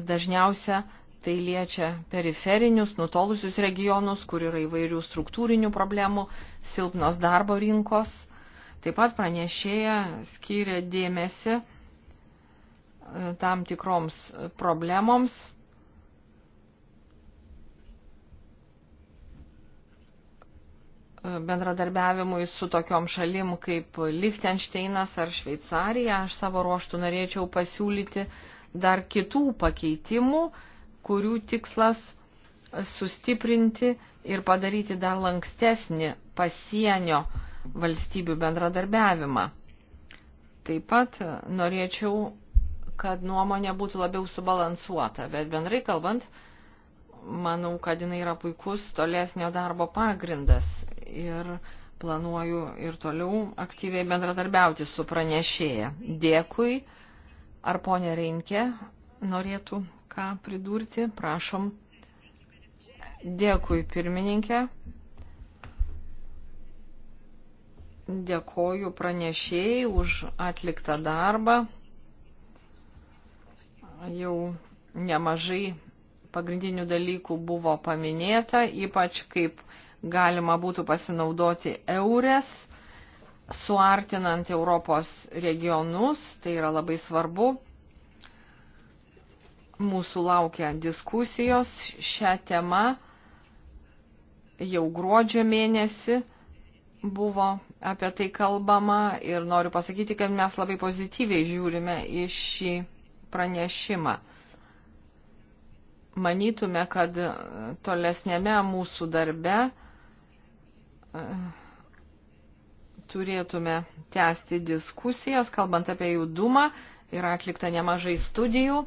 Dažniausia tai liečia periferinius, nutolusius regionus, kur yra įvairių struktūrinių problemų, silpnos darbo rinkos Taip pat pranešėja skiria dėmesį e, tam tikroms problemoms. E, bendradarbiavimui su tokiom šalim kaip Lichtensteinas ar Šveicarija. Aš savo ruoštų norėčiau pasiūlyti dar kitų pakeitimų, kurių tikslas sustiprinti ir padaryti dar lankstesnį pasienio uh, valstybių bendradarbiavimą. Taip pat norėčiau, kad nuomonė būtų labiau subalansuota, bet bendrai kalbant, manau, kad jinai yra puikus tolesnio darbo pagrindas ir planuoju ir toliau aktyviai bendradarbiauti su pranešėja. Dėkui. Ar ponė Reinke norėtų ką pridurti? Prašom. Dėkui, pirmininkė. Dėkoju pranešėjai už atliktą darbą. Jau nemažai pagrindinių dalykų buvo paminėta, ypač kaip galima būtų pasinaudoti eurės, suartinant Europos regionus, tai yra labai svarbu. Mūsų laukia diskusijos šią temą jau gruodžio mėnesį buvo apie tai kalbama ir noriu pasakyti, kad mes labai pozityviai žiūrime į šį pranešimą. Manytume, kad tolesnėme mūsų darbe e, turėtume tęsti diskusijas, kalbant apie judumą, yra atlikta nemažai studijų.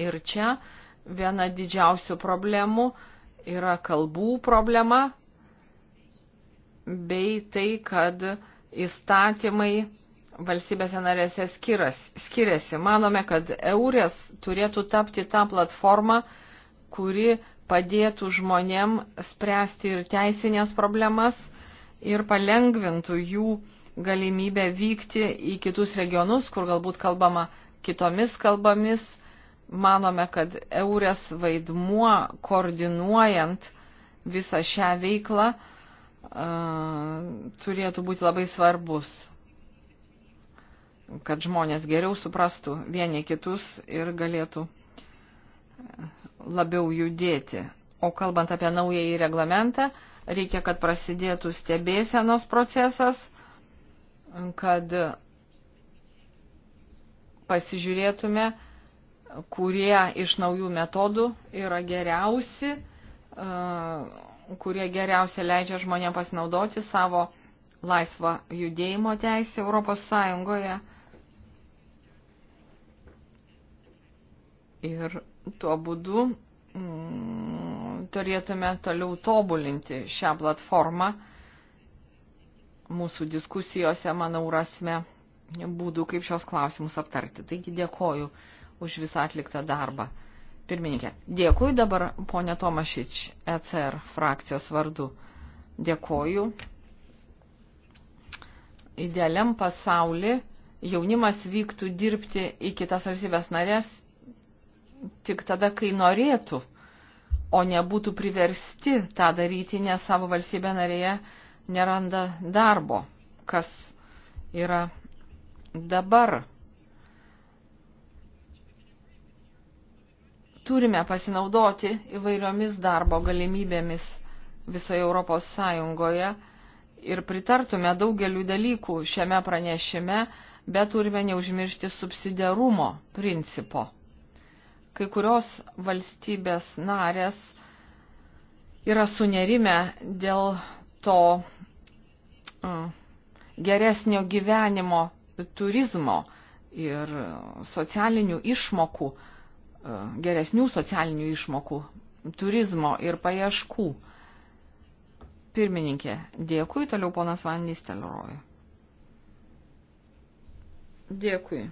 Ir čia viena didžiausių problemų yra kalbų problema, bei tai, kad įstatymai valstybėse narėse skiras, skiriasi. Manome, kad eurės turėtų tapti tą platformą, kuri padėtų žmonėm spręsti ir teisinės problemas ir palengvintų jų galimybę vykti į kitus regionus, kur galbūt kalbama kitomis kalbomis. Manome, kad eurės vaidmuo koordinuojant visą šią veiklą turėtų būti labai svarbus, kad žmonės geriau suprastų vieni kitus ir galėtų labiau judėti. O kalbant apie naująjį reglamentą, reikia, kad prasidėtų stebėsenos procesas, kad pasižiūrėtume, kurie iš naujų metodų yra geriausi, kurie geriausia leidžia žmonėms pasinaudoti savo laisvą judėjimo teisę Europos Sąjungoje. Ir tuo būdu mm, turėtume toliau tobulinti šią platformą. Mūsų diskusijose, manau, rasime būdų, kaip šios klausimus aptarti. Taigi dėkoju už visą atliktą darbą. Pirmininkė, dėkui dabar ponė Tomašič, ECR frakcijos vardu. Dėkoju. Idealiam pasaulį jaunimas vyktų dirbti į kitas valstybės narės tik tada, kai norėtų, o nebūtų priversti tą daryti, nes savo valstybė narėje neranda darbo, kas yra dabar turime pasinaudoti įvairiomis darbo galimybėmis visoje Europos Sąjungoje ir pritartume daugeliu dalykų šiame pranešime, bet turime neužmiršti subsidiarumo principo. Kai kurios valstybės narės yra sunerime dėl to geresnio gyvenimo turizmo ir socialinių išmokų uh, E, geresnių socialinių išmokų, turizmo ir paieškų. Pirmininkė, dėkui, toliau ponas Vannys Telroj. Dėkui,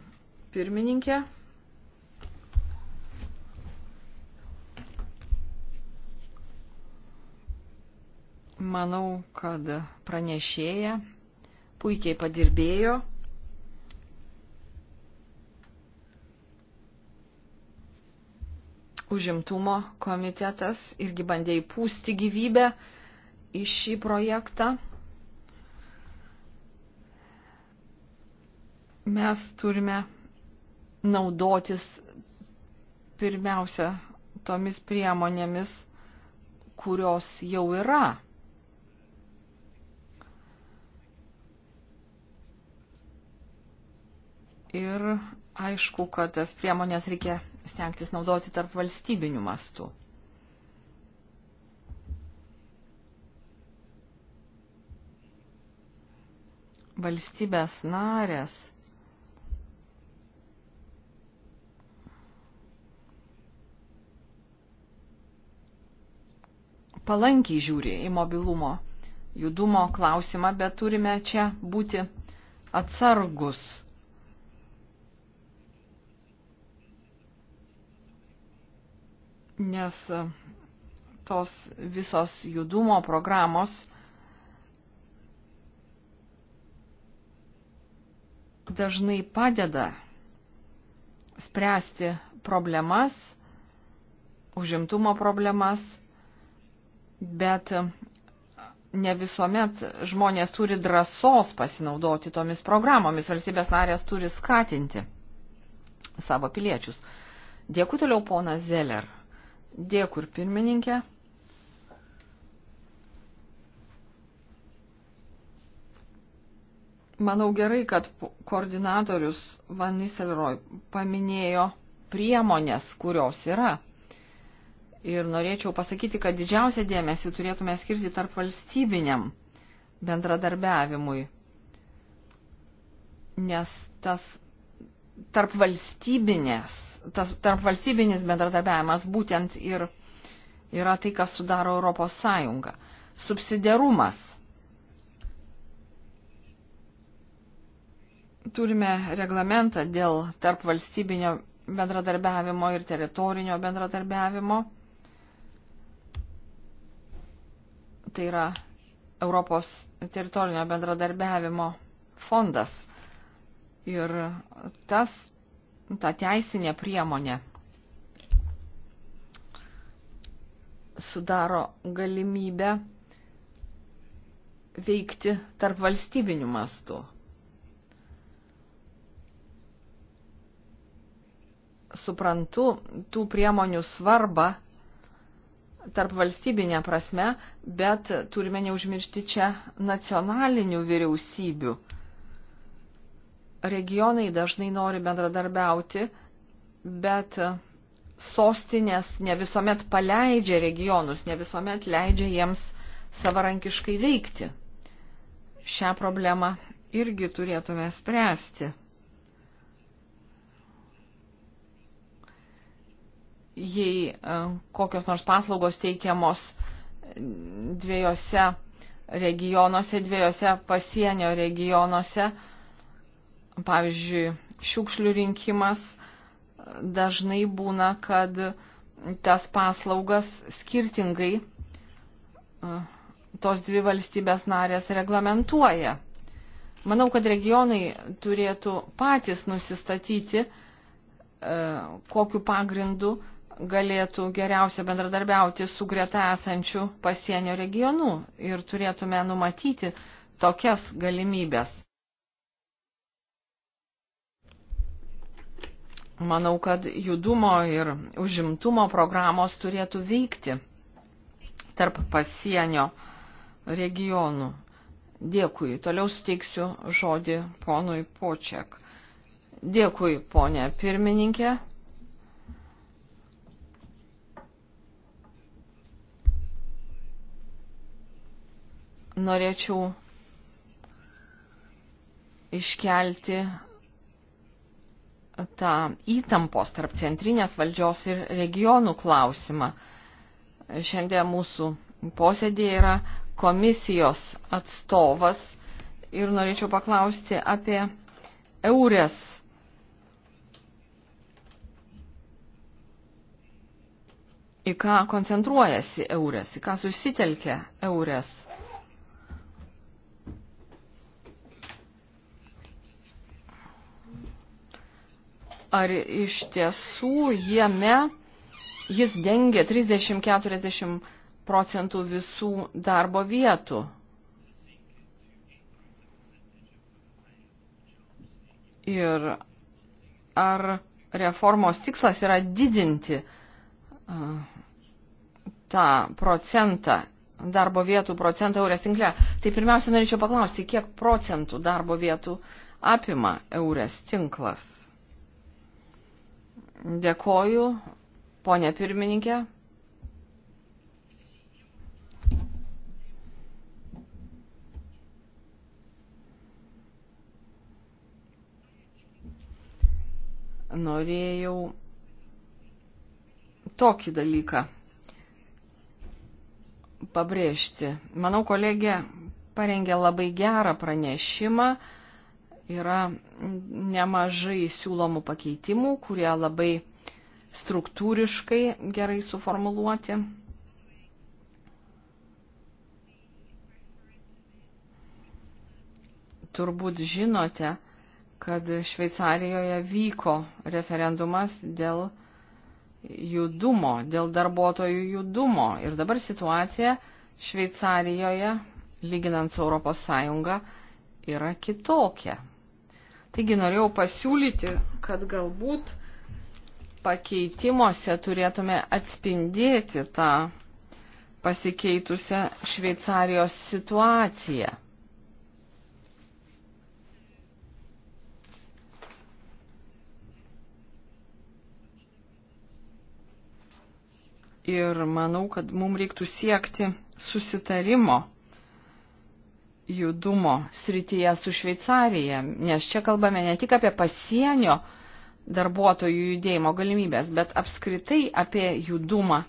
pirmininkė. Manau, kad pranešėja puikiai padirbėjo Užimtumo komitetas irgi bandė įpūsti gyvybę į šį projektą. Mes turime naudotis pirmiausia tomis priemonėmis, kurios jau yra. Ir aišku, kad tas priemonės reikia stengtis naudoti tarp valstybinių mastų. Valstybės narės palankiai žiūri į mobilumo, judumo klausimą, bet turime čia būti atsargus nes e, tos visos judumo programos dažnai padeda spręsti problemas, užimtumo problemas, bet e, ne visuomet žmonės turi drąsos pasinaudoti tomis programomis. Valstybės narės turi skatinti savo piliečius. Dėkui toliau, ponas Zeller. Dėkui, pirmininkė. Manau gerai, kad koordinatorius Van Nisselroj paminėjo priemonės, kurios yra. Ir norėčiau pasakyti, kad didžiausią dėmesį turėtume skirti tarp valstybiniam bendradarbiavimui. Nes tas tarp valstybinės tas tarpvalstybinis bendradarbiavimas būtent ir yra tai, kas sudaro Europos Sąjungą. Subsidiarumas. Turime reglamentą dėl tarpvalstybinio bendradarbiavimo ir teritorinio bendradarbiavimo. Tai yra Europos teritorinio bendradarbiavimo fondas. Ir tas tą teisinę priemonę sudaro galimybę veikti tarp valstybinių mastų. Suprantu tų priemonių svarbą tarp valstybinė prasme, bet turime neužmiršti čia nacionalinių vyriausybių regionai dažnai nori bendradarbiauti, bet sostinės ne visuomet paleidžia regionus, ne visuomet leidžia jiems savarankiškai veikti. Šią problemą irgi turėtume spręsti. Jei e, kokios nors paslaugos teikiamos dviejose regionuose, dviejose pasienio regionuose, pavyzdžiui, šiukšlių rinkimas dažnai būna, kad tas paslaugas skirtingai e, tos dvi valstybės narės reglamentuoja. Manau, kad regionai turėtų patys nusistatyti, e, kokiu pagrindu galėtų geriausia bendradarbiauti su greta esančiu pasienio regionu ir turėtume numatyti tokias galimybės. Manau, kad judumo ir užimtumo programos turėtų veikti tarp pasienio regionų. Dėkui. Toliau suteiksiu žodį ponui Počiak. Dėkui, ponė pirmininkė. Norėčiau iškelti tą įtampos tarp centrinės valdžios ir regionų klausimą. Šiandien mūsų posėdėje yra komisijos atstovas ir norėčiau paklausti apie eurės. Į ką koncentruojasi eurės, į ką susitelkia eurės ar iš tiesų jame jis dengia 30-40 procentų visų darbo vietų. Ir ar reformos tikslas yra didinti uh, tą procentą, darbo vietų procentą eurės tinkle. Tai pirmiausia, norėčiau paklausti, kiek procentų darbo vietų apima eurės tinklas. Dėkoju, ponė pirmininkė. Norėjau tokį dalyką pabrėžti. Manau, kolegė parengė labai gerą pranešimą, Yra nemažai siūlomų pakeitimų, kurie labai struktūriškai gerai suformuluoti. Turbūt žinote, kad Šveicarijoje vyko referendumas dėl judumo, dėl darbuotojų judumo. Ir dabar situacija Šveicarijoje, lyginant su ES, yra kitokia. Taigi norėjau pasiūlyti, kad galbūt pakeitimuose turėtume atspindėti tą pasikeitusią Šveicarijos situaciją. Ir manau, kad mums reiktų siekti susitarimo judumo srityje su Šveicarija, nes čia kalbame ne tik apie pasienio darbuotojų judėjimo galimybės, bet apskritai apie judumą,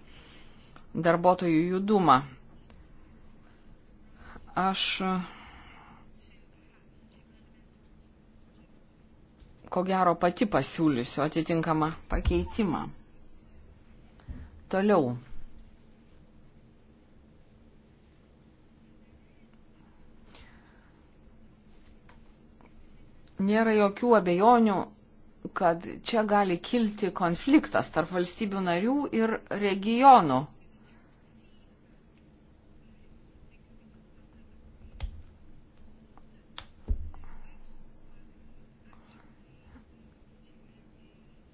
darbuotojų judumą. Aš ko gero pati pasiūlysiu atitinkamą pakeitimą. Toliau. nėra jokių abejonių, kad čia gali kilti konfliktas tarp valstybių narių ir regionų.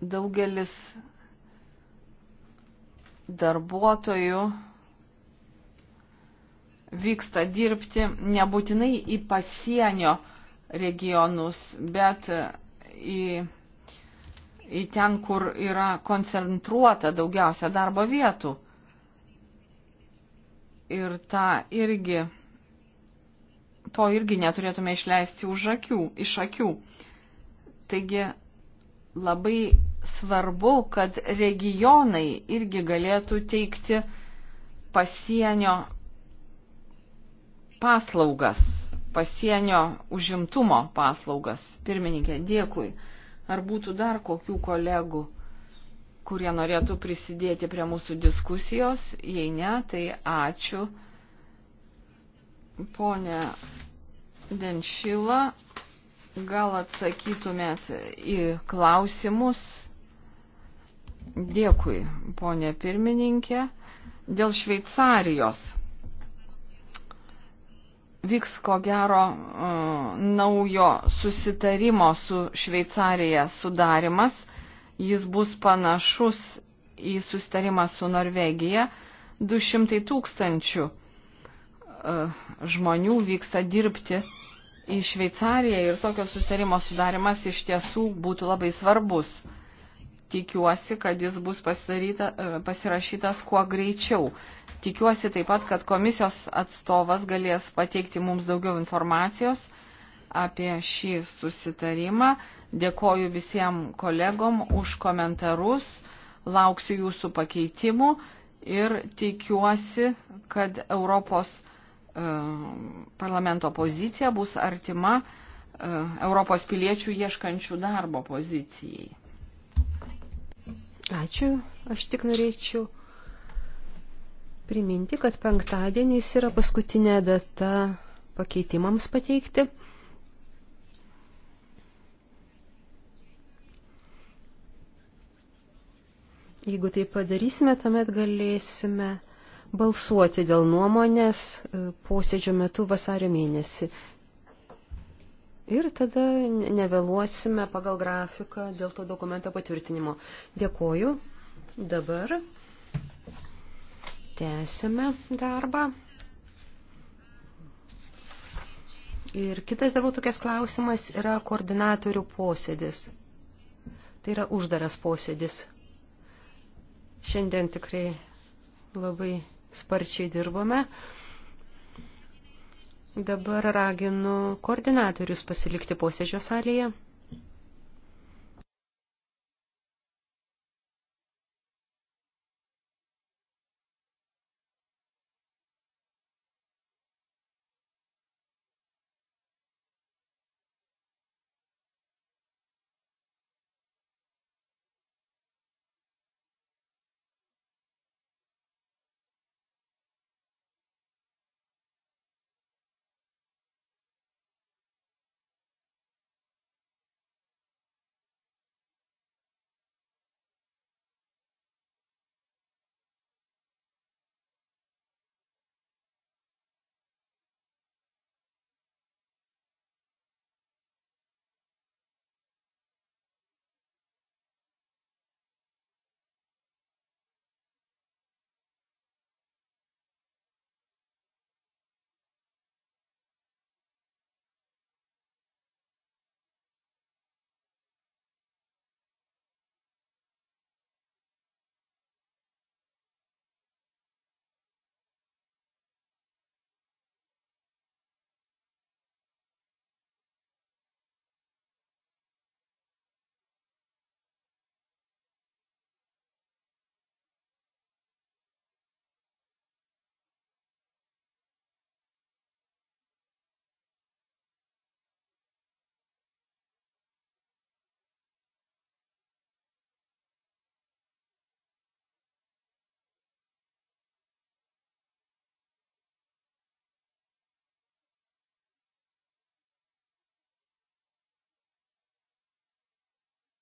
Daugelis darbuotojų vyksta dirbti nebūtinai į pasienio regionus, bet į, į ten, kur yra koncentruota daugiausia darbo vietų. Ir tą irgi, to irgi neturėtume išleisti už akių, iš akių. Taigi labai svarbu, kad regionai irgi galėtų teikti pasienio paslaugas pasienio užimtumo paslaugas. Pirmininkė, dėkui. Ar būtų dar kokių kolegų, kurie norėtų prisidėti prie mūsų diskusijos? Jei ne, tai ačiū. Pone Denšila, gal atsakytumėt į klausimus? Dėkui, ponė pirmininkė. Dėl Šveicarijos vyks ko gero e, naujo susitarimo su Šveicarija sudarimas. Jis bus panašus į susitarimą su Norvegija. 200 tūkstančių e, žmonių vyksta dirbti į Šveicariją ir tokio susitarimo sudarimas iš tiesų būtų labai svarbus. Tikiuosi, kad jis bus e, pasirašytas kuo greičiau, Tikiuosi taip pat, kad komisijos atstovas galės pateikti mums daugiau informacijos apie šį susitarimą. Dėkoju visiems kolegom už komentarus, lauksiu jūsų pakeitimų ir tikiuosi, kad Europos e, parlamento pozicija bus artima e, Europos piliečių ieškančių darbo pozicijai. Ačiū. Aš tik norėčiau priminti, kad penktadienys yra paskutinė data pakeitimams pateikti. Jeigu tai padarysime, tuomet galėsime balsuoti dėl nuomonės e, posėdžio metu vasario mėnesį. Ir tada nevėluosime pagal grafiką dėl to dokumento patvirtinimo. Dėkoju. Dabar Tęsime darbą. Ir kitas dabar tokias klausimas yra koordinatorių posėdis. Tai yra uždaras posėdis. Šiandien tikrai labai sparčiai dirbome. Dabar raginu koordinatorius pasilikti posėdžio salėje.